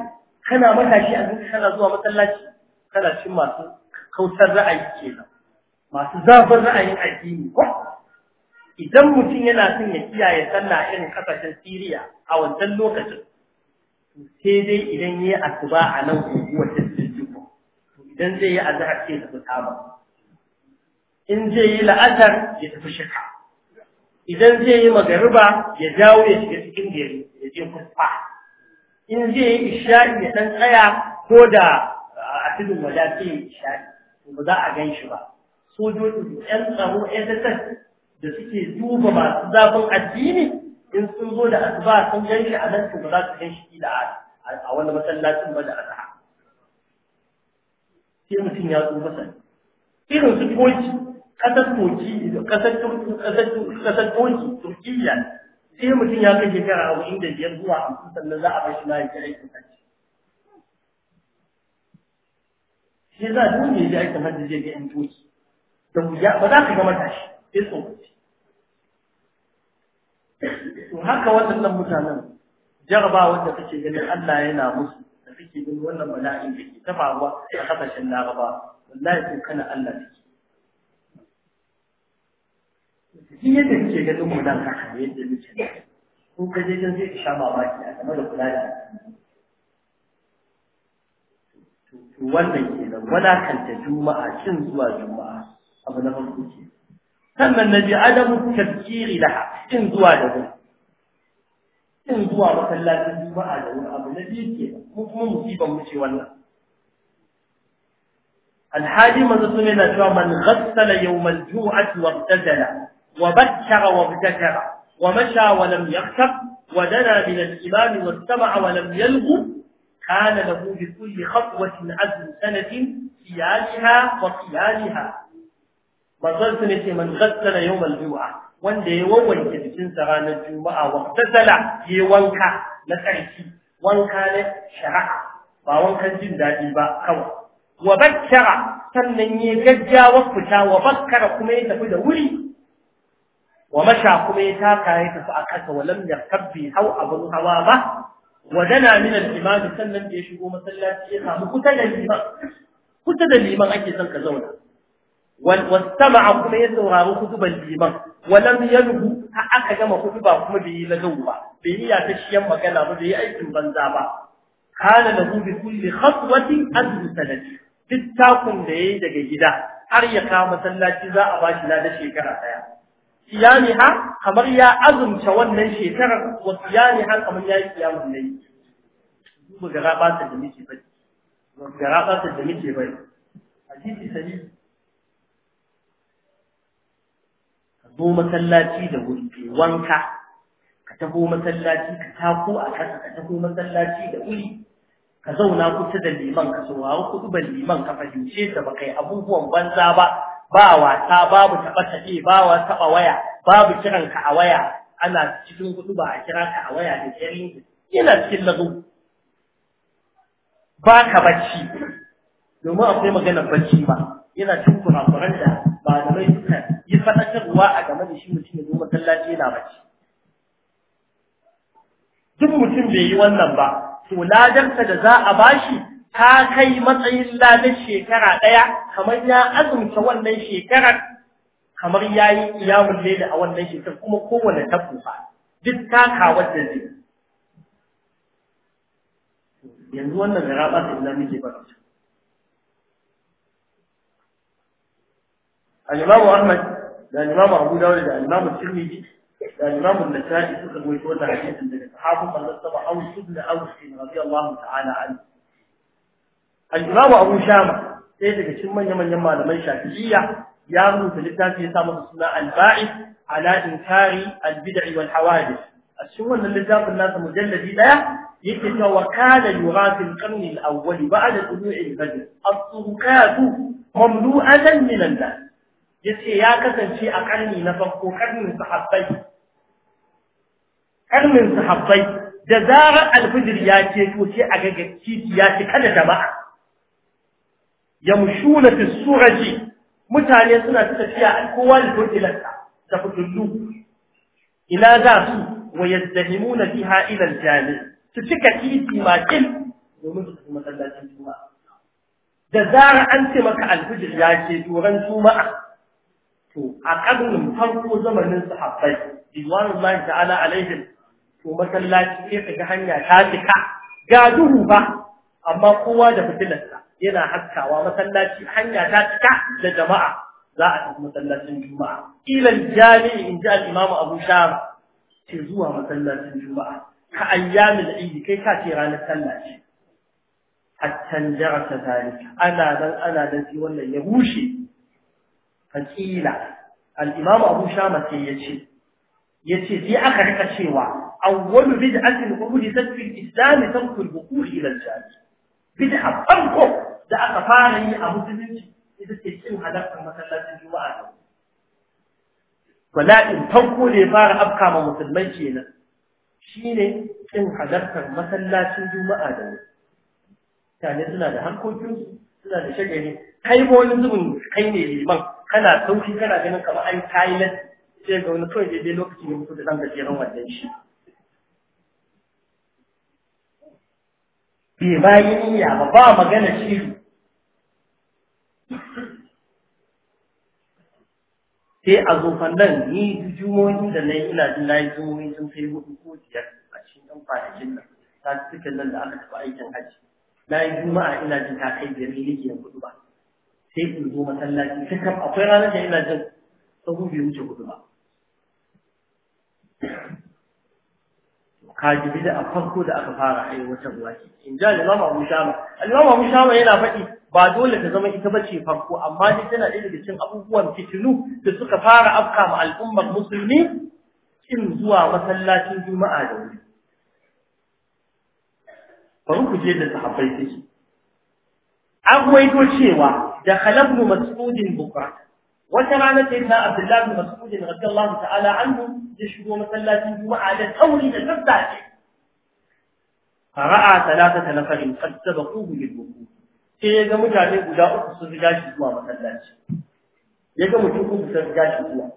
kana matashi a duk kana zuwa masallaci kana cin masu kautar ra'ayi kenan masu zafin ra'ayin addini ko idan mutum yana son ya kiyaye sallah irin kasashen Siriya a wancan lokacin sai dai idan ya yi asuba a nan guguwar ta jirgin idan zai yi azhar sai tafi taba in zai yi la'azar ya tafi shaka. idan zai yi magariba ya dawo ya shiga cikin gari ya fuffa in zai yi isha'i ya ɗan tsaya ko da a tudun wada ke yi isha'i ba za a gan shi ba sojojin ƴan tsaro sss da suke duba masu zafin addini in sun zo da asuba sun gan shi a nan to ba za su gan shi kila a wani masallacin ba da azhar sai mutum ya tsufa sani irin su toki ƙasar toki ƙasar toki turkiyya sai mutum ya kai shekara wurin da biyar zuwa hamsin sannan za a bar shi layin aikin hajji shi za duk ne ji aikin hajji zai ga yan toki ba za ka gama tashi sai tsofaffi to haka waɗannan mutanen jarabawar da kake ganin Allah yana musu da kake ganin wannan bala'in da ke ta faruwa a kasashen Laraba wallahi ko kana Allah take shi yadda kake ganin mu nan haka yadda muke je sha mamaki a game da da kenan wadakanta juma'a cin zuwa juma'a abu na farko sannan na ji adamu tafkiri laha cin zuwa da wuri cin zuwa masallacin juma'a da wuri abu na biyu ke mu kuma musibar mu ce wannan alhaji manzo sun yana cewa man ghassala yawmal jumu'ati wa tadala وبشر وابتكر ومشى ولم يخشب ودنا من الإمام واتبع ولم يلغ كان له بكل خطوة عزم سنة سيالها وقيالها manzon sun ce man ghassala yawmal jumu'a wanda ya wawanke jikinsa ranar juma'a wa tasala yi wanka na tsarki wanka na shari'a ba wankan jin daɗi ba kawai wa bakkara sannan ya gaggawa fita wa kuma ya tafi da wuri wa mata kuma ya taka ya tafi a kasa walam da kabbi hau abin hawa ba wa dana min al sannan da ya shigo masallaci ya samu kusa da liman ake son ka zauna wastama'a kuma ya saurari kutuban liman walam yalhu ha aka gama kutuba kuma bai yi lagau ba bai yi ya magana ba bai yi aikin banza ba kana lahu bi kulli da yayi daga gida har ya kawo masallaci za a bashi da shekara daya siyamiha kamar ya azumta wannan shekarar wa siyamiha kamar ya yi siyamun dai duba gara batar da muke bai gara batar da muke bai hadisi sani ka zo masallaci da wuri kai wanka ka taho masallaci ka tako a ƙasa ka taho masallaci da wuri ka zauna kusa da liman ka saurari kuɗuban liman ka fahimce ta ba kai abubuwan banza ba ba wasa babu taɓa taɓe ba wata taɓa waya babu kiran ka a waya ana cikin kudu ba a kira ka a waya da kyalin yana cikin lagu ba ka bacci domin akwai maganar bacci ba yana cikin kurakuran da ba da mai suka yi faɗakarwa a game da shi mutum ya zo masallaci yana bacci duk mutum bai yi wannan ba to ladarsa da za a bashi ta kai matsayin ladar shekara ɗaya kamar ya azumta wannan shekarar kamar ya yi iyamun leda a wannan shekarar kuma kowane tafufa duk ka wadda zai yanzu wannan garaba ba ta ina muke ba al-imamu ahmad da al-imamu abu dawud da al-imamu tirmidhi da al-imamu an-nasa'i suka goyi wannan hadisin daga sahabu manzon sama aw ibn aws radiyallahu ta'ala anhu al-imam abu shama sai daga cikin manya-manyan malaman shafi'iyya ya rubuta littafi ya samu suna al-ba'id ala inkari al-bid'i wal hawadith a cikin wannan littafin nasa mujalladi daya yake cewa wa kana yura fil qarni al-awwal ba'da tulu'i al-fajr as-suqat mamlu'atan min an-nas yace ya kasance a karni na farko karnin sahabbai karnin sahabbai da zarar al-fajr ya ce to sai a ga gaci ya ci kada jama'a yamshuna fi suraji mutane suna tafiya kowa da totilarsa da fitullu ila za su wa yazdahimuna fiha ila aljami su cika titi makil domin su kuma sallacin juma'a da zara an ce maka alfijir ya ce duran juma'a to a ƙarnin farko zamanin sahabbai ridwanullahi ta'ala alaihim to masallaci sai kaga hanya ta cika ga duhu ba amma kowa da fitilarsa yana haskawa masallaci hanya ta cika da jama'a za a tafi masallacin juma'a ilan jami'i in ji al-imam abu shama ce zuwa masallacin juma'a ka ayyamin idi kai ka ce ranar sallah ce hatta jarata zalika ana dan ana dan wannan ya rushe fakila al-imam abu shama ce Ya ce sai aka rika cewa awwalu bid'atin hudithat fil islam tarku al-wuqu' ila al-jami'i bid'a farko da aka fara yi a musulunci ita ce cin halartar masallacin juma'a da bala'in farko da ya fara afka ma musulmai kenan shine cin halartar masallacin juma'a da wuri mutane suna da harkokin, suna da shagali kai ma wani zubin kai ne liman kana sauki kana ganin kamar an kayi sai ga wani kawai daidai lokacin da mutu da ɗan gajeren wannan shi bai ma yi niyya ba ba magana shiru sai a zo nan ni jumoyin da na yi ina jin na yi jumoyin sun kai hudu ko biyar a cikin ɗan kwanakin nan ta cikin nan da aka taɓa aikin hajji na yi juma'a ina jin ta kai biyar ni nake hudu ba sai in zo masallaci ta kam akwai ranar da ina jin sahu bai wuce hudu ba kaji bida a farko da aka fara aiwatarwa ce in ja Abu Shama Imam Abu Shama yana faɗi ba dole ta zama ita bace farko amma dai tana ɗaya daga cikin abubuwan fitinu da suka fara afka ma al'ummar musulmi in zuwa masallacin juma'a da wuri bari ku je da sahabbai take an waito cewa da khalabnu mas'udin bukra wata rana sai na Abdullahi Mas'ud Allah ta'ala anhu ya shigo masallacin Juma'a da tauri da sassafe fara'a ta nafarin qad sabaquhu bil wuquf sai ya ga mutane guda uku sun riga shi zuwa masallaci ya ga mutum uku sun riga shi zuwa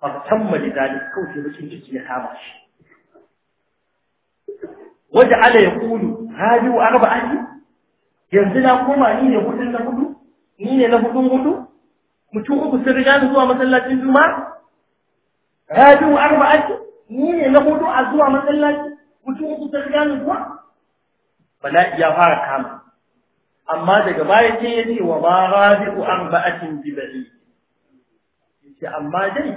fa tamma da dalik kawai sai bakin ciki ya kama shi Wata ala ya kulu hajji wa yanzu na koma ni ne hudun na hudu ni ne na hudun hudu mutum uku sun riga zuwa masallacin juma'a arba arba'ati ni ne na hudu a zuwa masallaci mutum uku sun riga zuwa Bala ya fara kama amma daga baya sai ya ce wa ba rabi'u arba'atin bi bali yace amma dai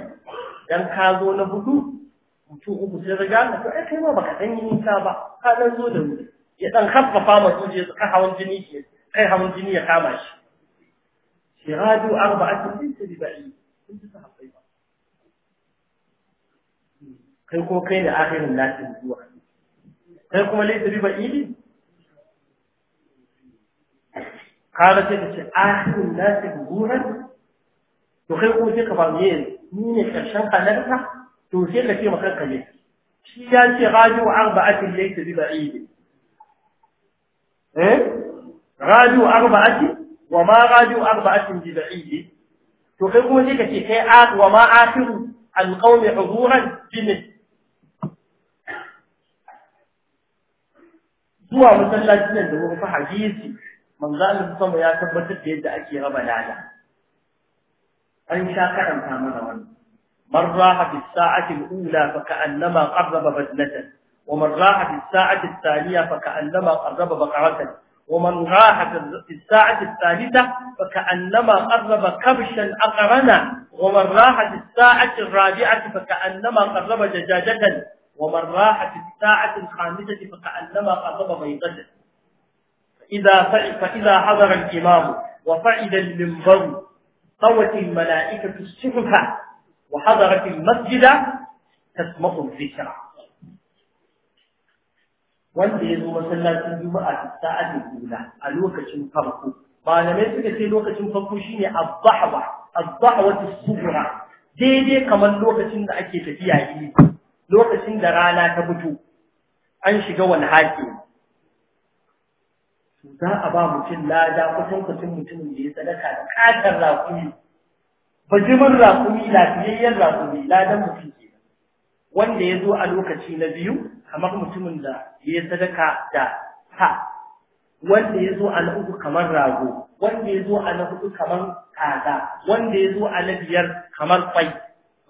dan ka zo na hudu mutu uku sun riga to ai kai ma baka san yin ka ba ka dan zo da mu. ya dan haffafa masu je hawan jini ke kai hawan jini ya kama shi shiraju kai kuma laysa bi ba'ili kaga sai ka ce akhirin latin zuwa to kai kuma sai ka ba ne ni ne to ka ce ma ce wa ma raju arba'atin bi ba'id to kai kuma sai ka ce kai a wa ma akhiru alqawmi huzuran bi zuwa masallacin da wurin fa hadisi manzo Allah sama ya tabbatar da yadda ake raba lada an sha karanta mana wannan من راح في الساعة الأولى فكأنما قرب بدنة ومن راح في الساعة الثانية فكأنما قرب بقرة ومن راح في الساعة الثالثة فكأنما قرب كبشا أقرنا ومن راح في الساعة الرابعة فكأنما قرب دجاجة ومن راح في الساعة الخامسة فكأنما قرب بيضة فإذا, فإذا حضر الإمام وفعل المنبر طوت الملائكة السحفة وحضرت المسجد تسمع الذكرى wanda ya zo masallacin juma'a sa'adin juna a lokacin farko malamai suka ce lokacin farko shine abbahwa abbahwa sughra daidai kamar lokacin da ake tafiya yi lokacin da rana ta fito an shiga wani haƙe. za a ba mutum lada kusan kusan mutumin da ya sadaka da katar rakumi bajimin rakumi lafiyayyen rakumi ladan mutum ke wanda ya zo a lokaci na biyu kamar mutumin da ya sadaka da ha wanda ya zo a uku kamar rago wanda ya zo a na hudu kamar kaza wanda ya zo a na biyar kamar kwai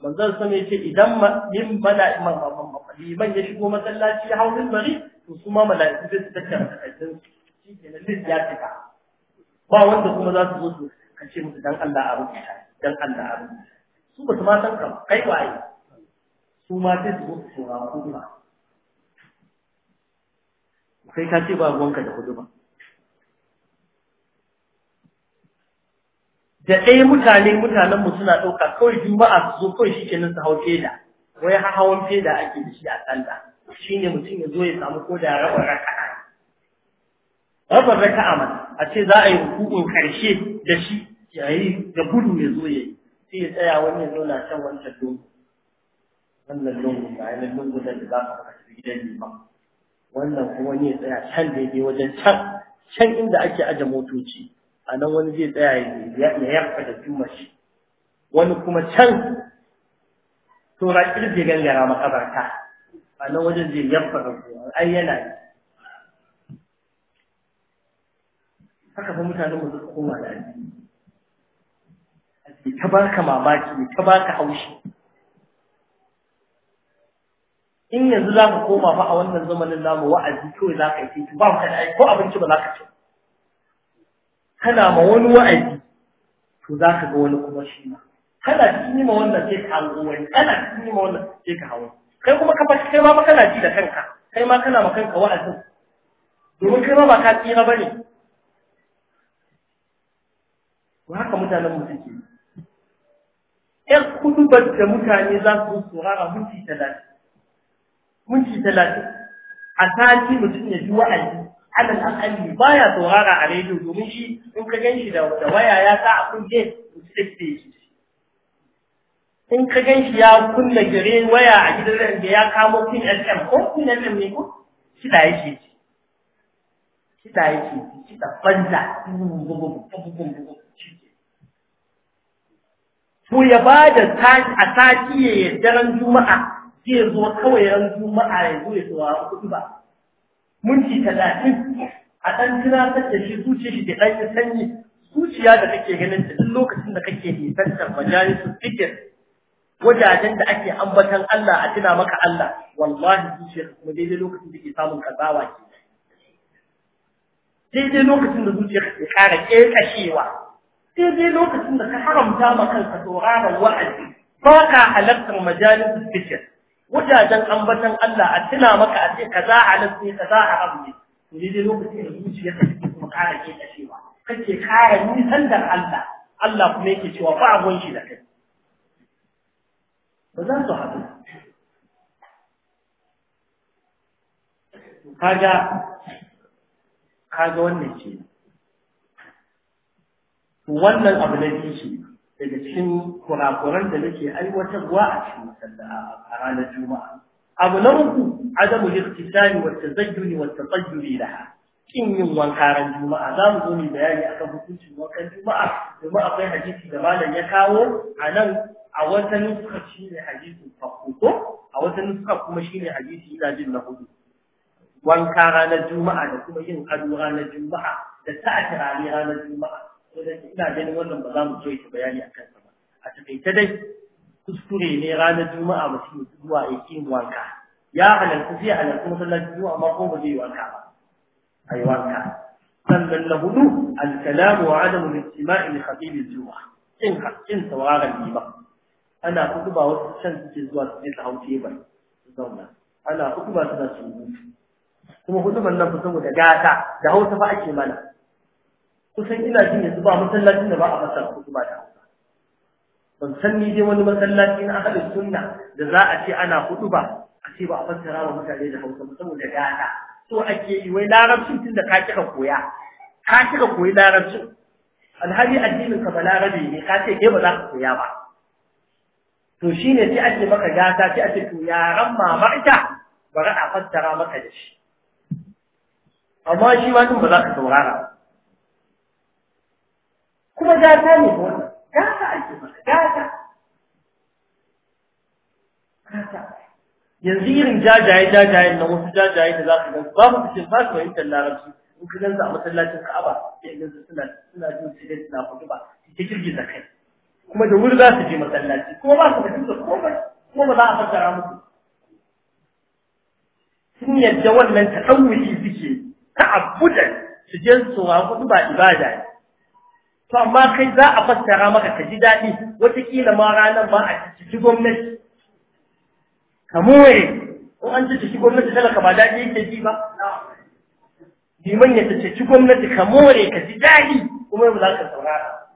manzon sami ya ce idan min bala imam liman ya shigo masallaci ya hau bari to su ma mala'iku zai su tattara takardun shi ke nan ya cika ba wanda kuma za su zo su kace musu dan Allah a rubuta dan Allah a rubuta su ba su ma san kai waye su ma sai su zo su ko kuma kai ka ce ba ruwanka da hudu ba da ɗaya mutane mutanenmu suna ɗauka kawai juma'a su zo kawai shi kenan su hau feda wai hawan feda ake da shi a tsalla shi ne mutum ya zo ya samu ko da rabar raka'a rabar raka'a mana, a ce za a yi hukukun karshe da shi yayi da gudu ya zo ya yi sai ya tsaya wani ya zauna can wancan lungu wannan lungu ga yanar lungu da za ka fara gidan liman wannan kuma ne tsaya can da yake wajen can can inda ake aje motoci a nan wani zai tsaya ya yarfa da shi wani kuma can tura kirje gangara makabarta a nan wajen zai yarfa da jumashi ai yana yi haka fa mutane mu suka koma da addini ta baka mamaki ta baka haushi in yanzu za mu koma fa a wannan zamanin namu wa'azi kawai za ka yi ba ka da ko abinci ba za ka ci kana ma wani wa'azi to za ka ga wani kuma shi ma kana cikin yi ma wannan sai ka hango wani kana cikin yi ma wannan sai ka hawo kai kuma ka fashi kai ma ba kana ji da kanka kai ma kana ma kanka wa'azin domin kai ma ba ka tsira ba ne Ba haka mutanen mu suke ƴan kudubar da mutane za su saurara ta dace. minti talatin a sati mutum ya ji wa'azi alal ba ya saurara a rediyo domin shi in ka gan shi da waya ya sa a kunje ke shi in ka gan shi ya kunna gare waya a gidan da ya kamo pin fm ko pin fm ne ko kiɗa yake ci kiɗa yake ci kiɗa banza ko ya ba da a sati ya daren juma'a zai zo kawai ran juma'a ya zo ya saurari kuɗi ba minti talatin a ɗan tunatar da shi zuciya shi da ɗan sanyi zuciya da kake ganin ta duk lokacin da kake nisantar majalisun fikir wajajen da ake ambatan Allah a tuna maka Allah wallahi zuciyar kuma daidai lokacin da ke samun kazawa ke daidai lokacin da zuciyar ke ƙara ƙeƙashewa daidai lokacin da ka haramta ma kanka sauraron wa'azi ba ka halartar majalisun fikir wajajen ambatan Allah a tuna maka a ce kaza halal ne kaza haram abu to ne dai lokacin da zuciya ka take kuma kara ke cewa. kake kara nisan da Allah Allah kuma yake cewa ba abun shi da kai ba za su haɗu kaga kaga wannan ce wannan abu na biyu daga cikin kurakuran da nake aiwatarwa a cikin masallaci a ranar juma'a abu na uku adamu al-ikhtisami wa tazayyuni wa tatayyuri laha kin yin wanka ran juma'a za mu zo mu bayani akan hukuncin wankan juma'a domin akwai hadisi da malam ya kawo a nan a wata nuska shine hadisin farko a wata nuska kuma shine hadisi ina jin na hudu wanka ranar juma'a da kuma yin ado ranar juma'a da ta'ati ranar juma'a ina ganin wannan ba za mu ta bayani a kansa ba a takaice dai kuskure ne ranar juma'a ba su yi zuwa ya ki wanka ya halarta zai halarta masallacin juma'a amma ko ba zai yi wanka ba a yi wanka sannan na hudu alkalamu wa adamu ijtima'i li khatib juma'a in hakkin sauraron liman ana ba wasu can suke zuwa su je su hau tebur su zauna ana hukuba suna surutu kuma huduban nan fa saboda gata da hausa fa ake mana kusan ina jin yanzu ba masallacin da ba a masa kudu ba da hausa ban san ni dai wani masallaci na ahalin sunna da za a ce ana hudu ba a ce ba a fassara wa mutane da hausa ba saboda gana so ake yi wai larabcin tun da ka kika koya ka kika koyi larabcin alhali addinin ka ba larabi ne ka ce ke ba za ka koya ba to shine sai ake maka gata sai ake to yaran mamarta bari a fassara maka da shi amma shi ma din ba za ka saurara ba kuma ta ne ba wannan gata aiki ba gata gata yanzu irin jajaye jajayen na wasu jajaye da za ka gan babu cikin ba su fahimtar larabci in ka gan a masallacin ka'aba sai gan suna suna jin su dai suna kuɗi ba su ta da kai kuma da wuri za su je masallaci kuma ba su fahimtar komai kuma ba za a fassara musu sun yadda wannan ta ɗauwuyi suke ta abudan su je su wa kudu ba ibada ne to amma kai za a fassara maka ka ji daɗi watakila ma ranar ba a ciki gwamnati ka more ko an ci ciki gwamnati talaka ba daɗi yake ji ba liman ya ci gwamnati ka more ka ji daɗi kuma ba za ka saurara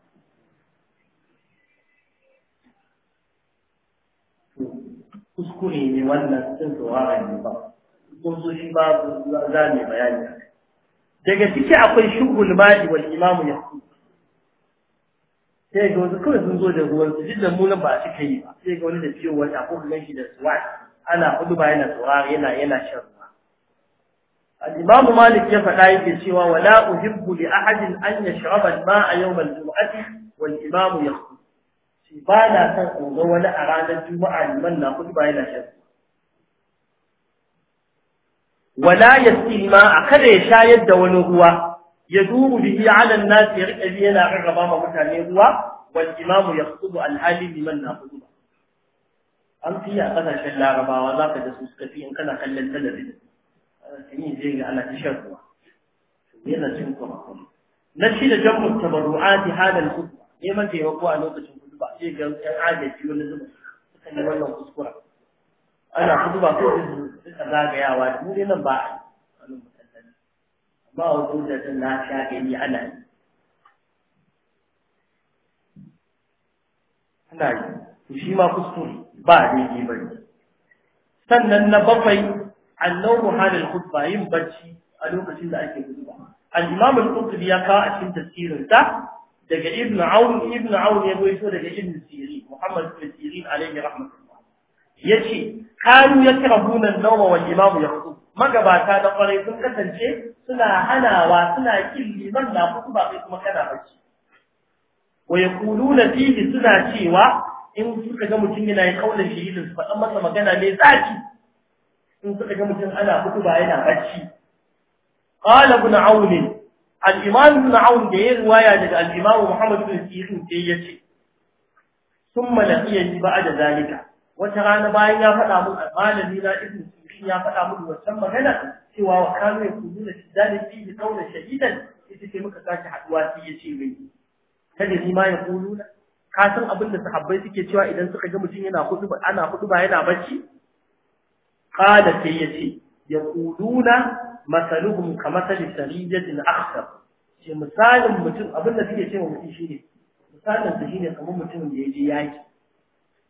kuskure ne wannan sun saurara ne ba kun so shi ba za mu bayani daga ciki akwai shugul ma'i wal imamu yaqub sai ga wasu kawai sun zo da ruwan su jin da munan ba a cika yi ba sai ga wani da ciwo wata ko kuma shi da suwa ana hudu ba yana tsora yana yana shan ruwa al-imamu malik ya faɗa yake cewa wala uhibbu li ahadin an yashraba al-ma'a yawm al-jum'ati wal imamu yakhutub shi ba na san in ga wani a ranar juma'a liman na hudu ba yana shan ruwa wala yasqi ma'a kada ya shayar da wani ruwa ya duru bihi ala an-nas ya rika bi yana rarraba ma mutane ruwa wal imamu yaqtubu al-hali liman na hudu an fi a kasashen larabawa za ka da su suka fi in kana kallon talabijin tuni zai ga ana ta shan ruwa yana cin kuma na shi da jan mutabaru'ati halal hudba neman taimako a lokacin hudba sai ga yan agaji wani zuba suka yi wannan kuskura ana kudu ba ko su suka zagayawa mu dai nan ba a yi ما هو جزء لا قصر بعد يجيبه سنة النبوي عن نوع هذا الخطبة يمبتشي ألو كشيء ذا أكيد بقى الإمام القطب يقع في تفسير تا دقى ابن عون ابن عون يقول شو دقى ابن السيرين محمد بن السيرين عليه رحمة الله يشي كانوا يكرهون النوم والإمام يقول magabata da kwarai sun kasance suna hanawa suna kin liman na kusa ba kai kuma kana bacci wa yaquluna fihi suna cewa in suka ga mutum yana yi kaulin shahidin su faɗan masa magana mai tsaki in suka ga mutum ana kusa ba yana bacci qala ibn aun al-imam ibn aun da ya riwaya daga al-imam muhammad bin sirin sai yace ثم لقيه da zalika. wata rana bayan ya faɗa mun malami na ibn Sirin ya faɗa mun wannan magana cewa wa kanu yakunu fi bi kauna shahidan ita ce muka sake haduwa sai yace mai Ta ni ma ya kuluna ka san abin da sahabbai suke cewa idan suka ga mutum yana hudu ana kudu ba yana bacci qala sai yace yaquluna masaluhum kamathali sarijatin akhtar ce misalin mutum abin da suke cewa mutum shine misalin shi shine kamar mutumin da je yaki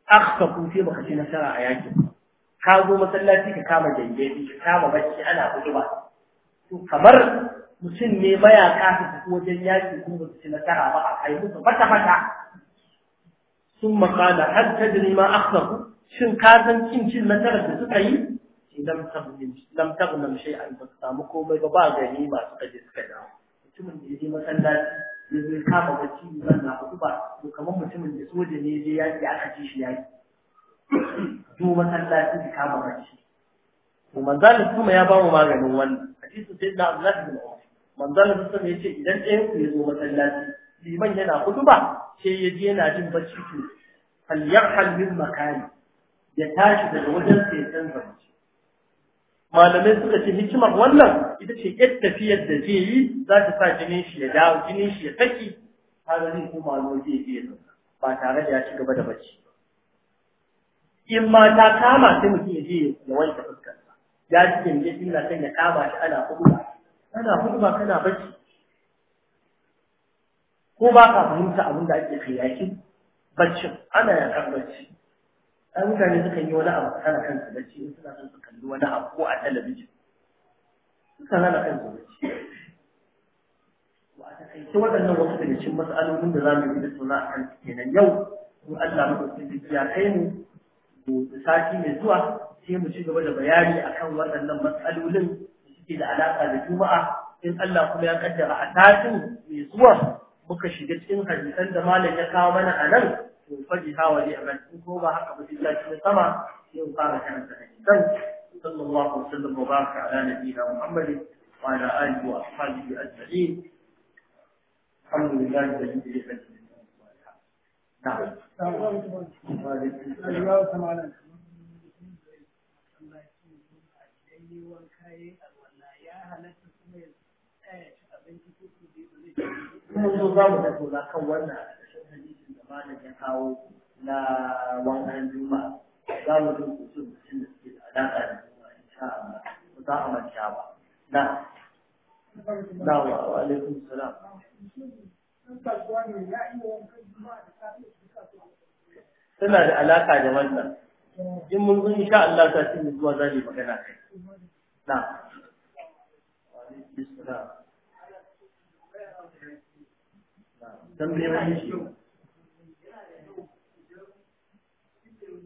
akhfaku sai baka ci nasara a yakin ka zo masallaci ka kama jangeli ka kama bacci ana kuduba to kamar mutum ne baya kasa tafi wajen yaki kuma ba su ci nasara ba a kai musu fata fata sun makana har ta jini ma ku. shin ka san cin cin nasarar da suka yi lam tabnam shay'an ba su samu komai ba ba gani masu kaje suka dawo mutumin da ya je masallaci ya zai kama wakili ban na hudu ba to kamar mutumin da soja ne je yaki aka ci shi yaki to masallaci da kama bacci to manzalin kuma ya ba mu maganin wannan hadisin sai da Abdullahi bin Umar manzalin sun ya ce idan ɗaya ku ya zo masallaci liman yana hudu ba sai ya je yana jin bacci to falyarhal halin makari ya tashi daga wajen sai ya canza bacci malamai suka ce hikimar wannan ita ce yadda tafiyar da zai yi za ta sa jinin shi ya dawo jinin shi ya saki kaga zai koma ruwa zai je ba tare da ya ci gaba da bacci in ma ta kama sai mutum ya je ya wanke fuskar ya ji yanzu illa kan ya kama shi ana hudba ana hudba kana bacci ko ba ka fahimta abin da ake kai yakin baccin ana yakan bacci an mutane suka yi wani abu kana kansu bacci in suna son su kalli wani abu ko a talabijin suka kan kansu bacci wa a takaice waɗannan wasu daga cikin mas'alolin da za mu yi da suna a kansu kenan yau in Allah duk ya kai mu gobe sati mai zuwa sai mu ci gaba da bayani akan waɗannan matsalolin da suke da alaƙa da juma'a in Allah kuma ya kaddara a satin mai zuwa muka shiga cikin hadisan da malam ya kawo mana a nan to faɗi hawa ne amma in ko ba haka ba sai ta na sama yau fara karanta hadisan sallallahu alaihi wasallam wa baraka ala nabiyina muhammadin wa ala alihi wa ashabihi ajma'in alhamdulillah da yi da yi نعم. Mun zo za mu tattauna kan wannan malam ya kawo na wannan juma'a za mu zo ku mutum da suke da alaƙa da juma'a sha Allah ba za a manta ba na na wa alaikum salam suna da alaƙa da wannan in mun zo insha Allah ta zuwa za mu magana kai na alaikum salam tambayoyin shi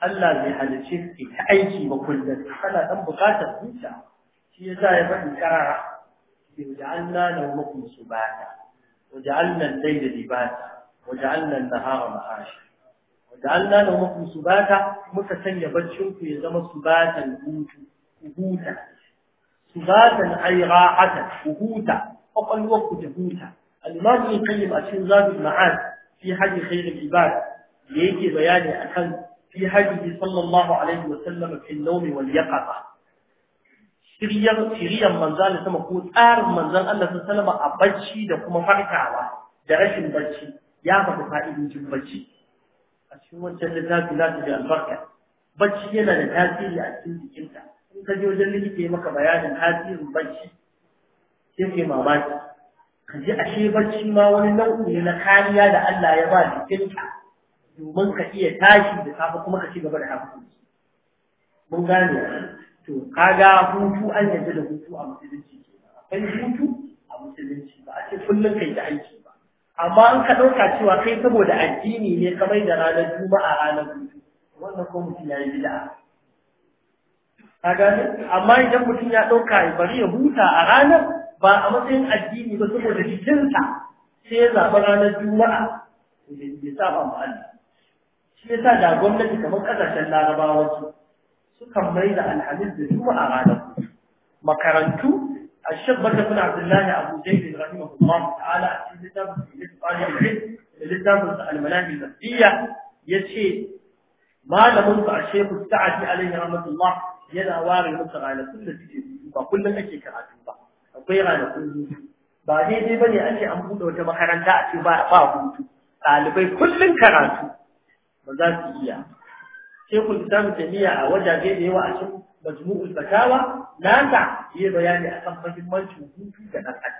Allah zai halice ki ta aiki ba kullum kana dan bukatar huta shi yasa ya faɗi karara yaj'alna nawmakum subata waj'alna al-layla libata waj'alna an-nahara ma'asha waj'alna nawmakum subata muka sanya baccin ku ya zama subatan hutu huta subatan ay ra'ata huta kwakwalwar ku ta huta al-imam ibn qayyim a cikin zabi ma'ad fi hadi khair al-ibad da yake bayani akan في هذه صلى الله عليه وسلم في النوم واليقظة shiriyar shiriyar manzan sama ko tsarin manzan Allah sun a bacci da kuma farkawa da rashin bacci ya faɗi fa'idojin bacci a cikin wancan littafi za ta ji albarka bacci yana da tasiri a cikin bikinta. in ka je wajen likita ya maka bayanin tasirin bacci sai mamaki ka ji ashe bacci ma wani nau'i ne na kariya da Allah ya ba jikinka domin ka iya tashi da safe kuma ka ci gaba da hakan mun gane to kaga hutu an yanzu da hutu a musulunci akwai hutu a musulunci ba a ce kullum kai da aiki ba amma an ka ɗauka cewa kai saboda addini ne kamar da ranar juma'a ranar hutu wannan ko mutum ya yi bid'a a gane amma idan mutum ya ɗauka bari ya huta a ranar ba a matsayin addini ba saboda jikinsa sai ya zaɓi ranar juma'a ya saba ma Allah shi yasa da gwamnati kamar kasashen larabawa su sukan mai da alhamis da juma'a ranar makarantu الشيخ بكر بن عبد الله ابو زيد رحمه الله تعالى في كتاب كتاب المناهج النفسيه يشي ما لمن الشيخ السعدي عليه رحمه الله yana ware musu ranakun da suke ba kullum ake karatu ba akwai ranakun hutu ba daidai ba ne ake an buɗe wata makaranta a ce ba hutu ɗalibai kullum karatu ba za su iya shekul islam jami'a a wajaje da yawa a cikin majmu'ul fatawa nasa yi bayani a kan mahimmancin hutu da ɗan adam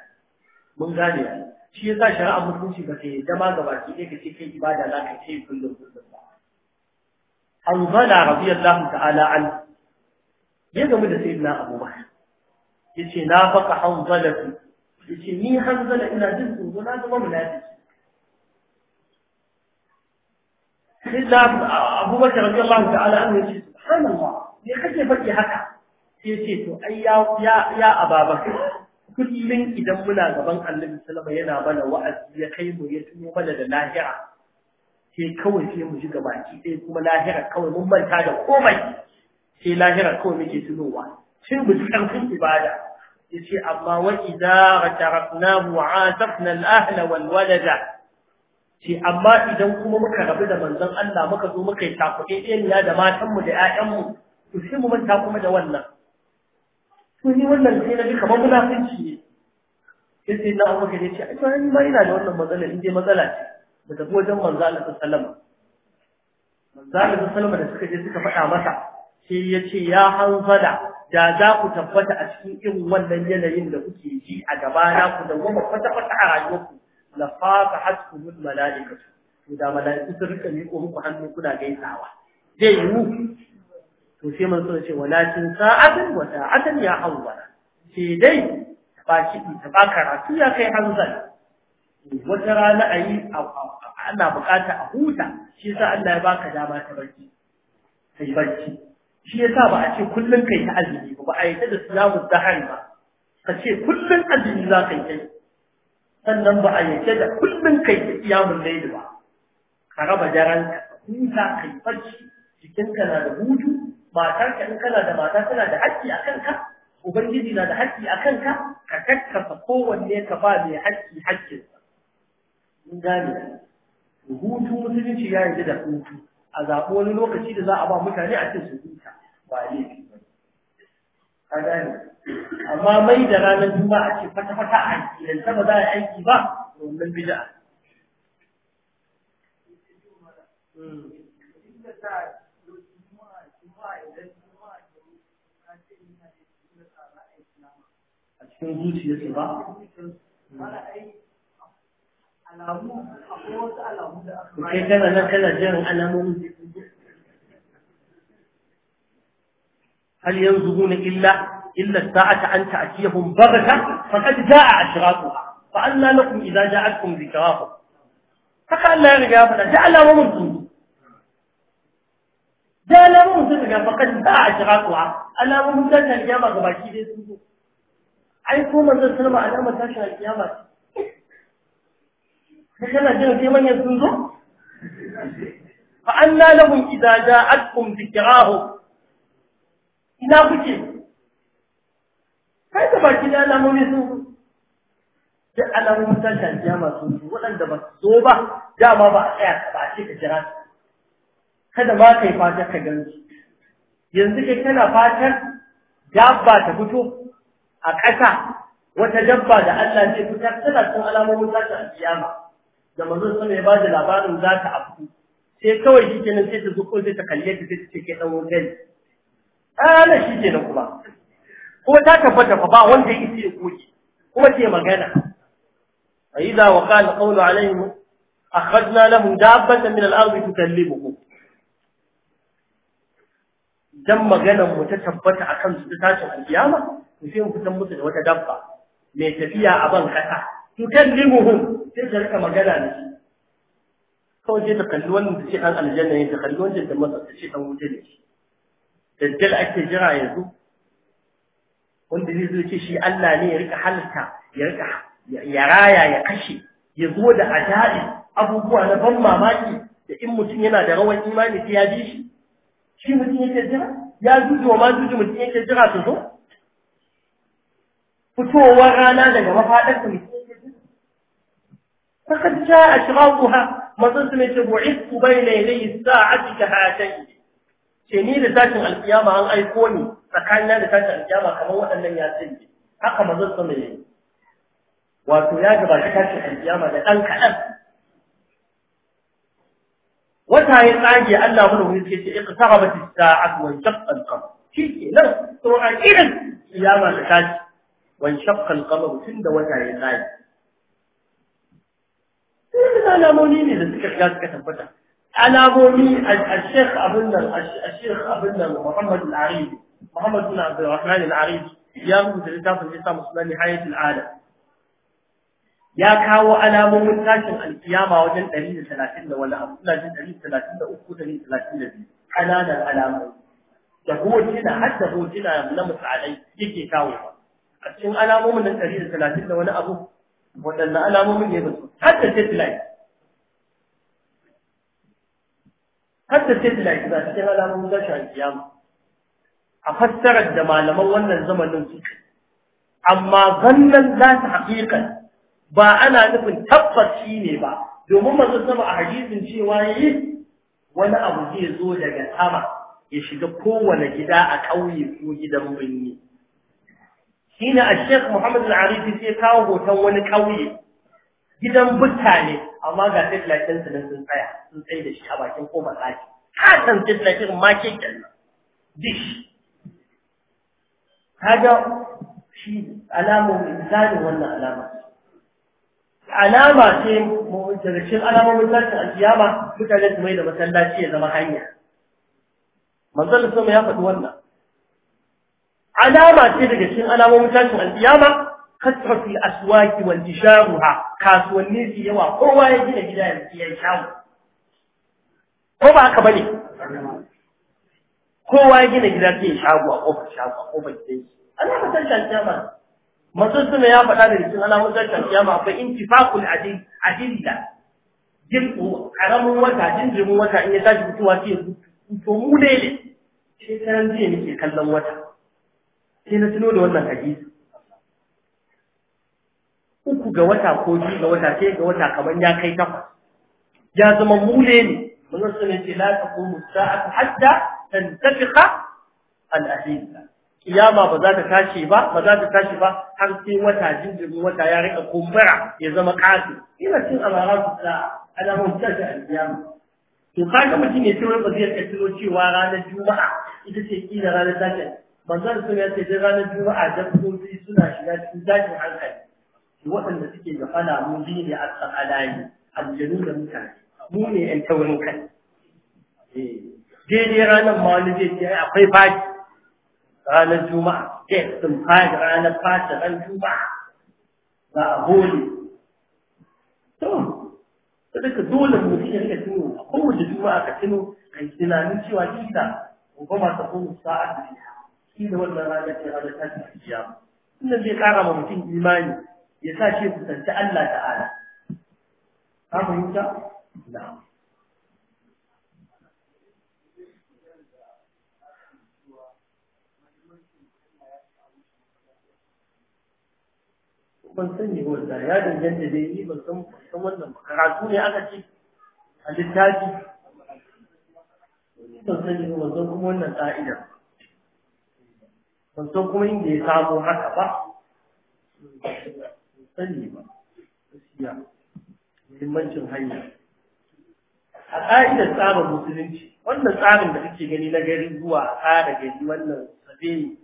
mun gane shi yasa shari'a mutunci ba ta yadda ma gabaki ɗaya kace kai ibada za ka ce kullum kullum ba Abu Bakar radiyallahu ta'ala an ya gamu da sayyidina Abu Ya ce na faka hanzalatu ce ni hanzala ina jin tsoro na zama munafiki سيدنا أبو بكر رضي da تعالى عنه يقول سبحان ne kake faɗi haka sai ce to ai ya ya kullum idan muna gaban annabi salama yana mana wa'azi ya kai mu ya tuno mana da lahira sai kawai sai mu ji gabaki ɗaya kuma lahira kawai mun manta da komai sai lahira kawai muke tunowa shin mu ji ƙarfin ibada yace amma wai idza rataraknahu azafna al-ahla wal walada ce amma idan kuma muka rabu da manzon Allah muka zo muka yi takuɗe ɗaya da matanmu da ‘ya'yanmu to sai mu manta kuma da wannan to ni wannan sai na ji kamar munafunci ne sai sai na abu kai ce ai ba ni ma ina da wannan matsala in dai matsala ce da tafi wajen manzo Allah sallallahu manzo Allah sallallahu da suka je suka faɗa masa sai ya ce ya hanzala da za ku tabbata a cikin irin wannan yanayin da kuke ji a gaba na ku da goma kwata kwata a rayuwarku la faqa hasbul malaikatu to da malaiku sun rika miƙo muku hannu kuna gaisawa zai yi to sai manzo ya ce walakin sa'atun wa sa'atun ya hawwa ce dai ba shi ta baka ya kai hanzal wata rana ayi ana bukata a huta shi sa Allah ya baka dama ta barci kai barci shi yasa ba a ce kullun kai ta azumi ba ba a yi ta da siyamu dahari ba ka ce kullun azumi za ka yi sannan ba a yake da kullum kai da kiyamun laili ba ka raba daren ka huta kai farci jikinka na da hutu matarka in kana da mata tana da haƙƙi a kanka ubangiji na da haƙƙi a kanka ka kakkafa kowanne ka ba mai haƙƙi haƙƙinsa mun gane hutu musulunci ya yi da hutu a zaɓi wani lokaci da za a ba mutane a cikin su huta ba laifi ba ka gane amma mai da ranar juma'a ce fata fata a aiki dan sama za a aiki ba domin bid'a a cikin zuciyarsa ba alamu akwai wasu alamu da aka kana illa إلا الساعة أن تأتيهم بغتة فقد جاء أشراطها فأنا لكم إذا جاءتكم ذكراهم haka Allah ya riga faɗa da alamomin sun zo da alamomin sun riga fakat ba a shiga kuwa alamomin sun ta kiyama ga baki dai sun zo ai ko manzon sallama alamar tashin alkiyama ce kana jin sai manyan sun zo ina kai ka baki da alamomi sun da alamomin tashin kiyama masu su waɗanda ba su zo ba dama ba a tsaya ba a ce ka jira kada ma yi fata ka su. yanzu kai kana fatan dabba ta fito a ƙasa wata dabba da Allah zai fitar tana cikin alamomin tashin ma da manzon sama ya ba da labarin za ta afku sai kawai shi kenan sai ta zuko sai ta kalle ta sai ta ce kai dan wurin ana shi kenan kuma kuma ta tabbata fa ba wanda ya isi ya koki kuma ce magana fa idza wa qala qawlu alaihim akhrajna lahum dabbatan min al-ard tukallimuhum dan maganar mu ta tabbata akan su ta tashi kiyama to sai mu fitan musu da wata dabba mai tafiya a ban kasa tukallimuhum sai ta rika magana da shi kawai sai ta kalli wannan da ce dan aljanna ne ta kalli wancan da masa ta ce dan wuce ne dajjal ake jira yanzu wanda zai zo ce shi Allah ne ya rika halitta ya rika ya raya ya kashe ya zo da ajali abubuwa na ban mamaki da in mutum yana da rawan imani sai ya ji shi shi mutum yake jira ya wa ma juju mutum yake jira su zo fitowar rana daga mafaɗar mutum yake jira su جاء أشراطها مصدمة بعثت بين يدي الساعة كهاتين ce ni da tashin alkiyama an aiko ni tsakanina da tashin alkiyama kamar waɗannan ya ce haka zan sama yayi wato ya gabata tashin alkiyama da ɗan kaɗan wata ya tsage Allah mun wuri ce ce iqtarabat as-sa'atu wa shaqqa al-qamar shi ke nan to a irin kiyama da tashi wa shaqqa al-qamar tunda wata ya tsage Sai da alamoni ne da suka shiga suka tabbata. alamomi al-Sheikh abin nan sheikh abin nan Muhammad al Muhammad bin Abdul al-Aribi ya rubuta littafin Isa Musulman Nihayat al ya kawo alamomin tashin alkiyama wajen 130 da abu ina jin 133 kananan alamomi da hotuna har da hotuna na misalai yake kawo a cikin alamomin nan 130 da wani abu waɗannan alamomin ne ba su har da satellite hadda sai da lafiya cikin alamun tashi alkiyama a fassarar da malaman wannan zamanin suka amma gannan za ta haƙiƙan ba ana nufin tabbas shi ne ba domin masu sama a hadisin cewa yi wani abu zai zo daga sama ya shiga kowane gida a ƙauye ko gidan birni shine a Sheikh Muhammad Al-Arifi sai kawo hoton wani ƙauye gidan mutane amma ga titlakin su sun tsaya sun tsaye da shi a bakin kofar tsaki, ka san titlakin ma ke kenan dish kaga shi alamun insani wannan alama alama ce daga cikin alamomin tashin alkiyama mutane su mai da masallaci ya zama hanya manzon sama ya faɗi wannan alama ce daga cikin alamomin tashin alkiyama fi aswaki wal tisharuha kasuwanni su yawa kowa ya gina gida ya shawo ko ba haka bane kowa ya gina gida sai shago a kofar shago a kofar gidan shi ana mutan shantiyama mutum suna ya faɗa da rikin ana mutan shantiyama akwai intifakul adilla jin karamin wata jin jimin wata in ya tashi fitowa sai ya to mu dai ne shekaran jiya nake kallon wata sai na tuno da wannan hadisi uku ga wata ko biyu ga wata sai ga wata kamar ya kai takwas ya zama mule ne manzon sun ce la taqumu sa'atu hatta tantafiqa al-ahilla kiyama ba za ta tashi ba ba za ta tashi ba har sai wata jinjirin wata ya rika kumbura ya zama kafi ina cin amaratu da alamun tashi al-kiyama to kaga mutum ne sai ba zai kaddaro cewa ranar juma'a ita ce kila ranar tashi manzon sun ce ranar juma'a da dabbobi suna shiga cikin tashin hankali waɗanda suke gafala mu biyu ne a tsakalani aljanu da mutane mu ne yan taurin kai eh, daidai ranar ma wani zai ce akwai fadi ranar juma'a yes sun fati ranar fadi ran juma'a za a hole to da duka dole mu ya rika tuno a kowace juma'a ka tuno kai tunanin cewa kisa gobe ma ta kuma sa'a da kila wannan ranar ce ranar tashi kiyama inda zai kara ma mutum imani ya sa shi kusanci Allah ta'ala ka fahimta na. ban sani wanda ya danganta da yi ban san san wannan karatu ne aka ce a littafi ban sani ban san kuma wannan ka'ida ban san kuma inda ya samo haka ba sani ba gaskiya muhimmancin hanya a ƙa'idar tsarin musulunci wannan tsarin da kake gani na gari zuwa a ƙara gari wannan sabe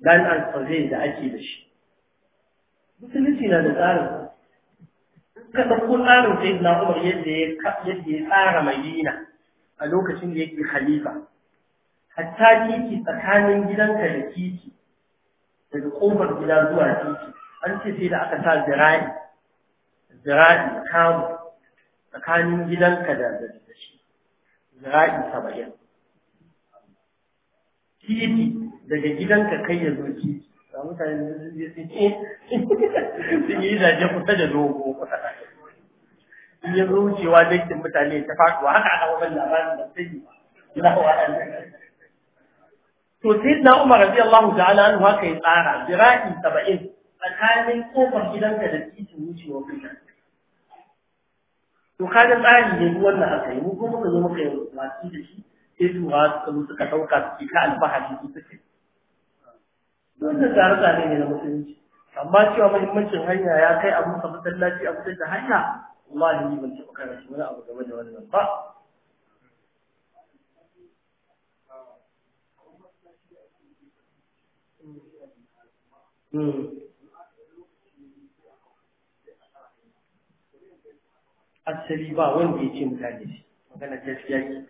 dan an sabe da ake da shi musulunci na da tsarin ka ɗauko tsarin sai na umar yadda ya tsara madina a lokacin da yake khalifa hatta titi tsakanin gidanka da titi daga ƙofar gida zuwa titi an ce sai da aka sa zira'i zira'i kamu tsakanin gidanka da da shi zira'i saba'in titi daga gidanka kai ya zo titi ga mutane da sun je sun sun yi zaje kusa da dogo in ya zo wucewa dangin mutane ta faɗuwa haka aka wannan labarin da sai na wa'annan to sai na Umar radiyallahu ta'ala anhu haka ya tsara zira'i saba'in tsakanin kofar gidanka da titin wucewa kusa to da tsari ne wannan aka yi mu kuma ka zo muka yi watsi da shi sai su suka su suka ɗauka suke ka alfahari su suke wannan tsare-tsare ne na musulunci amma cewa muhimmancin hanya ya kai abu ka masallaci a fitar da hanya wallahi ni ban taɓa shi wani abu game da wannan ba Mm. asali ba wanda ya ce mutane shi magana gaskiya ce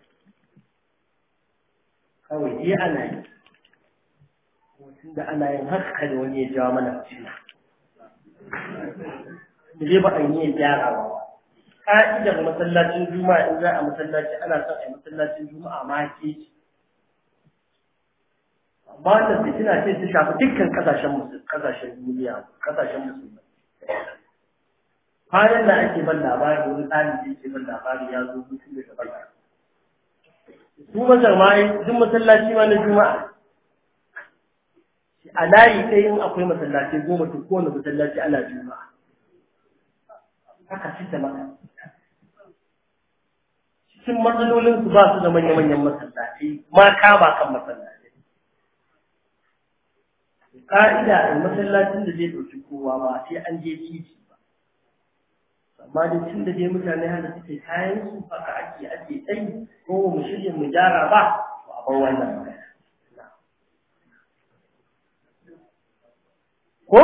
kawai dai ana yi hotun da ana yin haka da wani ya jawo mana fitina da zai ba a yi ya gyara ba ka'idar masallacin juma'a in za a masallaci ana son a yi masallacin juma'a ma ke amma wannan fitina ce su shafi dukkan kasashen duniya kasashen musulmi kwanan da ake ban labari wani da ke ban labari ya zo mutum da ta baya su yi duk masallaci ma na juma'a a layi ɗaya in akwai masallaci goma ta kowane masallaci ana juma'a haka ta mata. cikin matsalolin su ba su da manya-manyan masallaci ma kama kan masallaci ka'ida a masallacin da zai ɗauki kowa ba sai an je titi amma da tun da dai mutane hada suke kayan su haka ake ake tsayi ko mu shirya mu gyara ba to a bar wannan magana ko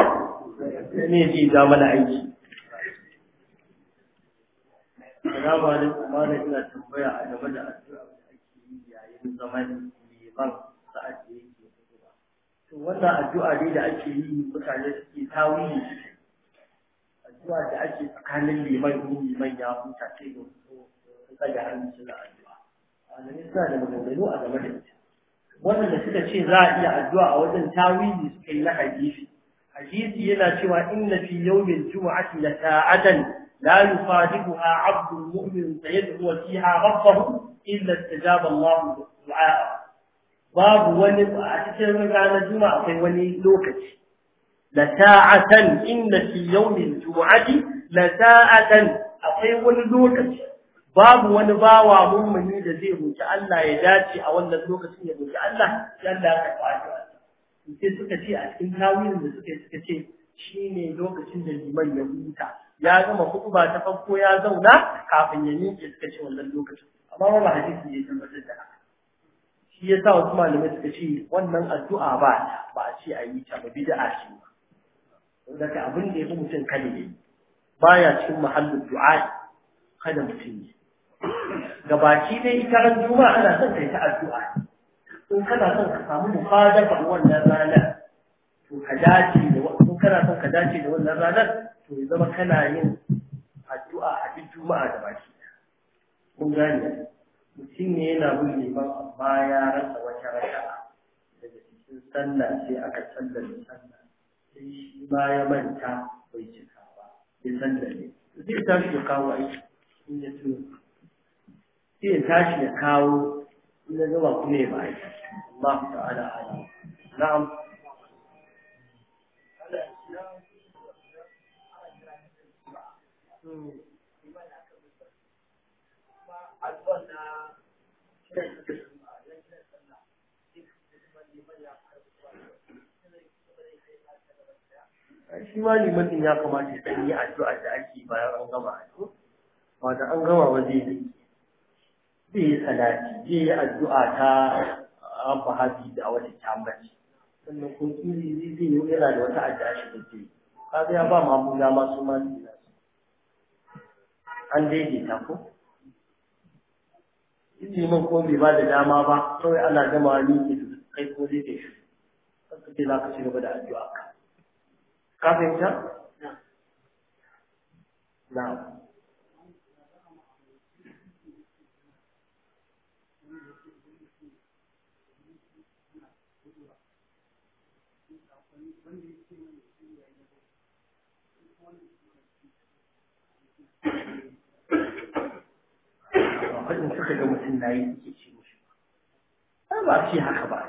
ne zai ja mana aiki Salamu alaikum ma ina tambaya a game da addu'a da ake yi yayin zaman liman sa'ad da yake To wannan addu'a ne da ake yi mutane suke tawili zuwa da ake tsakanin liman ko liman ya huta ta yi wasu tsaga an su da addu'a a suna da maganganu a game da ita wanda suka ce za a iya addu'a a wajen tawili su kai na hadisi hadisi yana cewa inna fi yawmin jumu'ati la ta'atan la yufadihuha 'abdul mu'min sayad'u wa fiha rabbahu illa istajaba Allah du'a babu wani a ranar juma'a akwai wani lokaci lata'atan inna fi yawmil jumu'ati lata'atan akwai wani lokaci babu wani bawa mummuni da zai roki Allah ya dace a wannan lokacin ya roki Allah ya Allah ya karɓa sai suka ce a cikin tawilin da suka suka ce shine lokacin da liman ya huta ya gama kutuba ta farko ya zauna kafin ya nike suka ce wannan lokacin amma wannan hadisi ya tabbatar da haka shi sa wasu malamai suka ce wannan addu'a ba ba a ce a yi ta ba bid'a ce ba daga abin da ya fi mutum kada ne baya cikin mahallin du'a kada mutum ne gabaki dai ita ran juma'a ana son kai ta addu'a in kana son ka samu mufadar wannan ranar to ka dace da wannan kana son ka dace da wannan ranar to ya zama kana yin addu'a a duk juma'a da baki mun gane mutum ne yana bin liman amma ya rasa wata rasha. daga cikin sallah sai aka sallar sallah sai ma ya manta bai cika ba ya san da ne zai tashi ya kawo aiki in ya tuno sai tashi ya kawo in ya gaba kuma ba aiki Allah ta'ala ala na'am Thank hmm. you. shi ma liman din ya kamata ya ɗanyi addu'a da ake bayan an gama addu'a ba da an gama ba zai yi zai yi salati zai yi addu'a ta rabba hafi da wata kyambaci sannan ko kiri zai zai yi yana da wata addu'a shi da ke kaga ya ba ma abuja ma su ma su an daidaita ko ilimin ko bai ba da dama ba kawai ana gama ni ke kai ko zai da shi kai za ka ci gaba da addu'a ka ka suka ga mutum na yi ce ba. ba shi haka ba.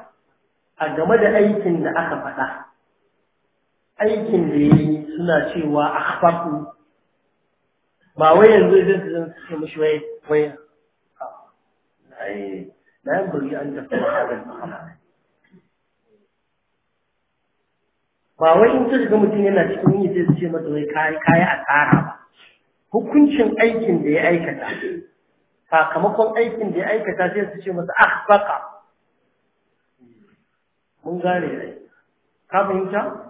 A game da aikin da aka faɗa, aikin da yi suna cewa kafafu ba wai yanzu zai zan ce mashi wai wai ah, na yi buri an tafi hadal mahala ba wai in ka shiga mutum yana cikin yi zai ce mata wai kayi a tsara ba hukuncin aikin da ya aikata sakamakon aikin da ya aikata sai su ce masa akhfaqa mun gane ka fahimta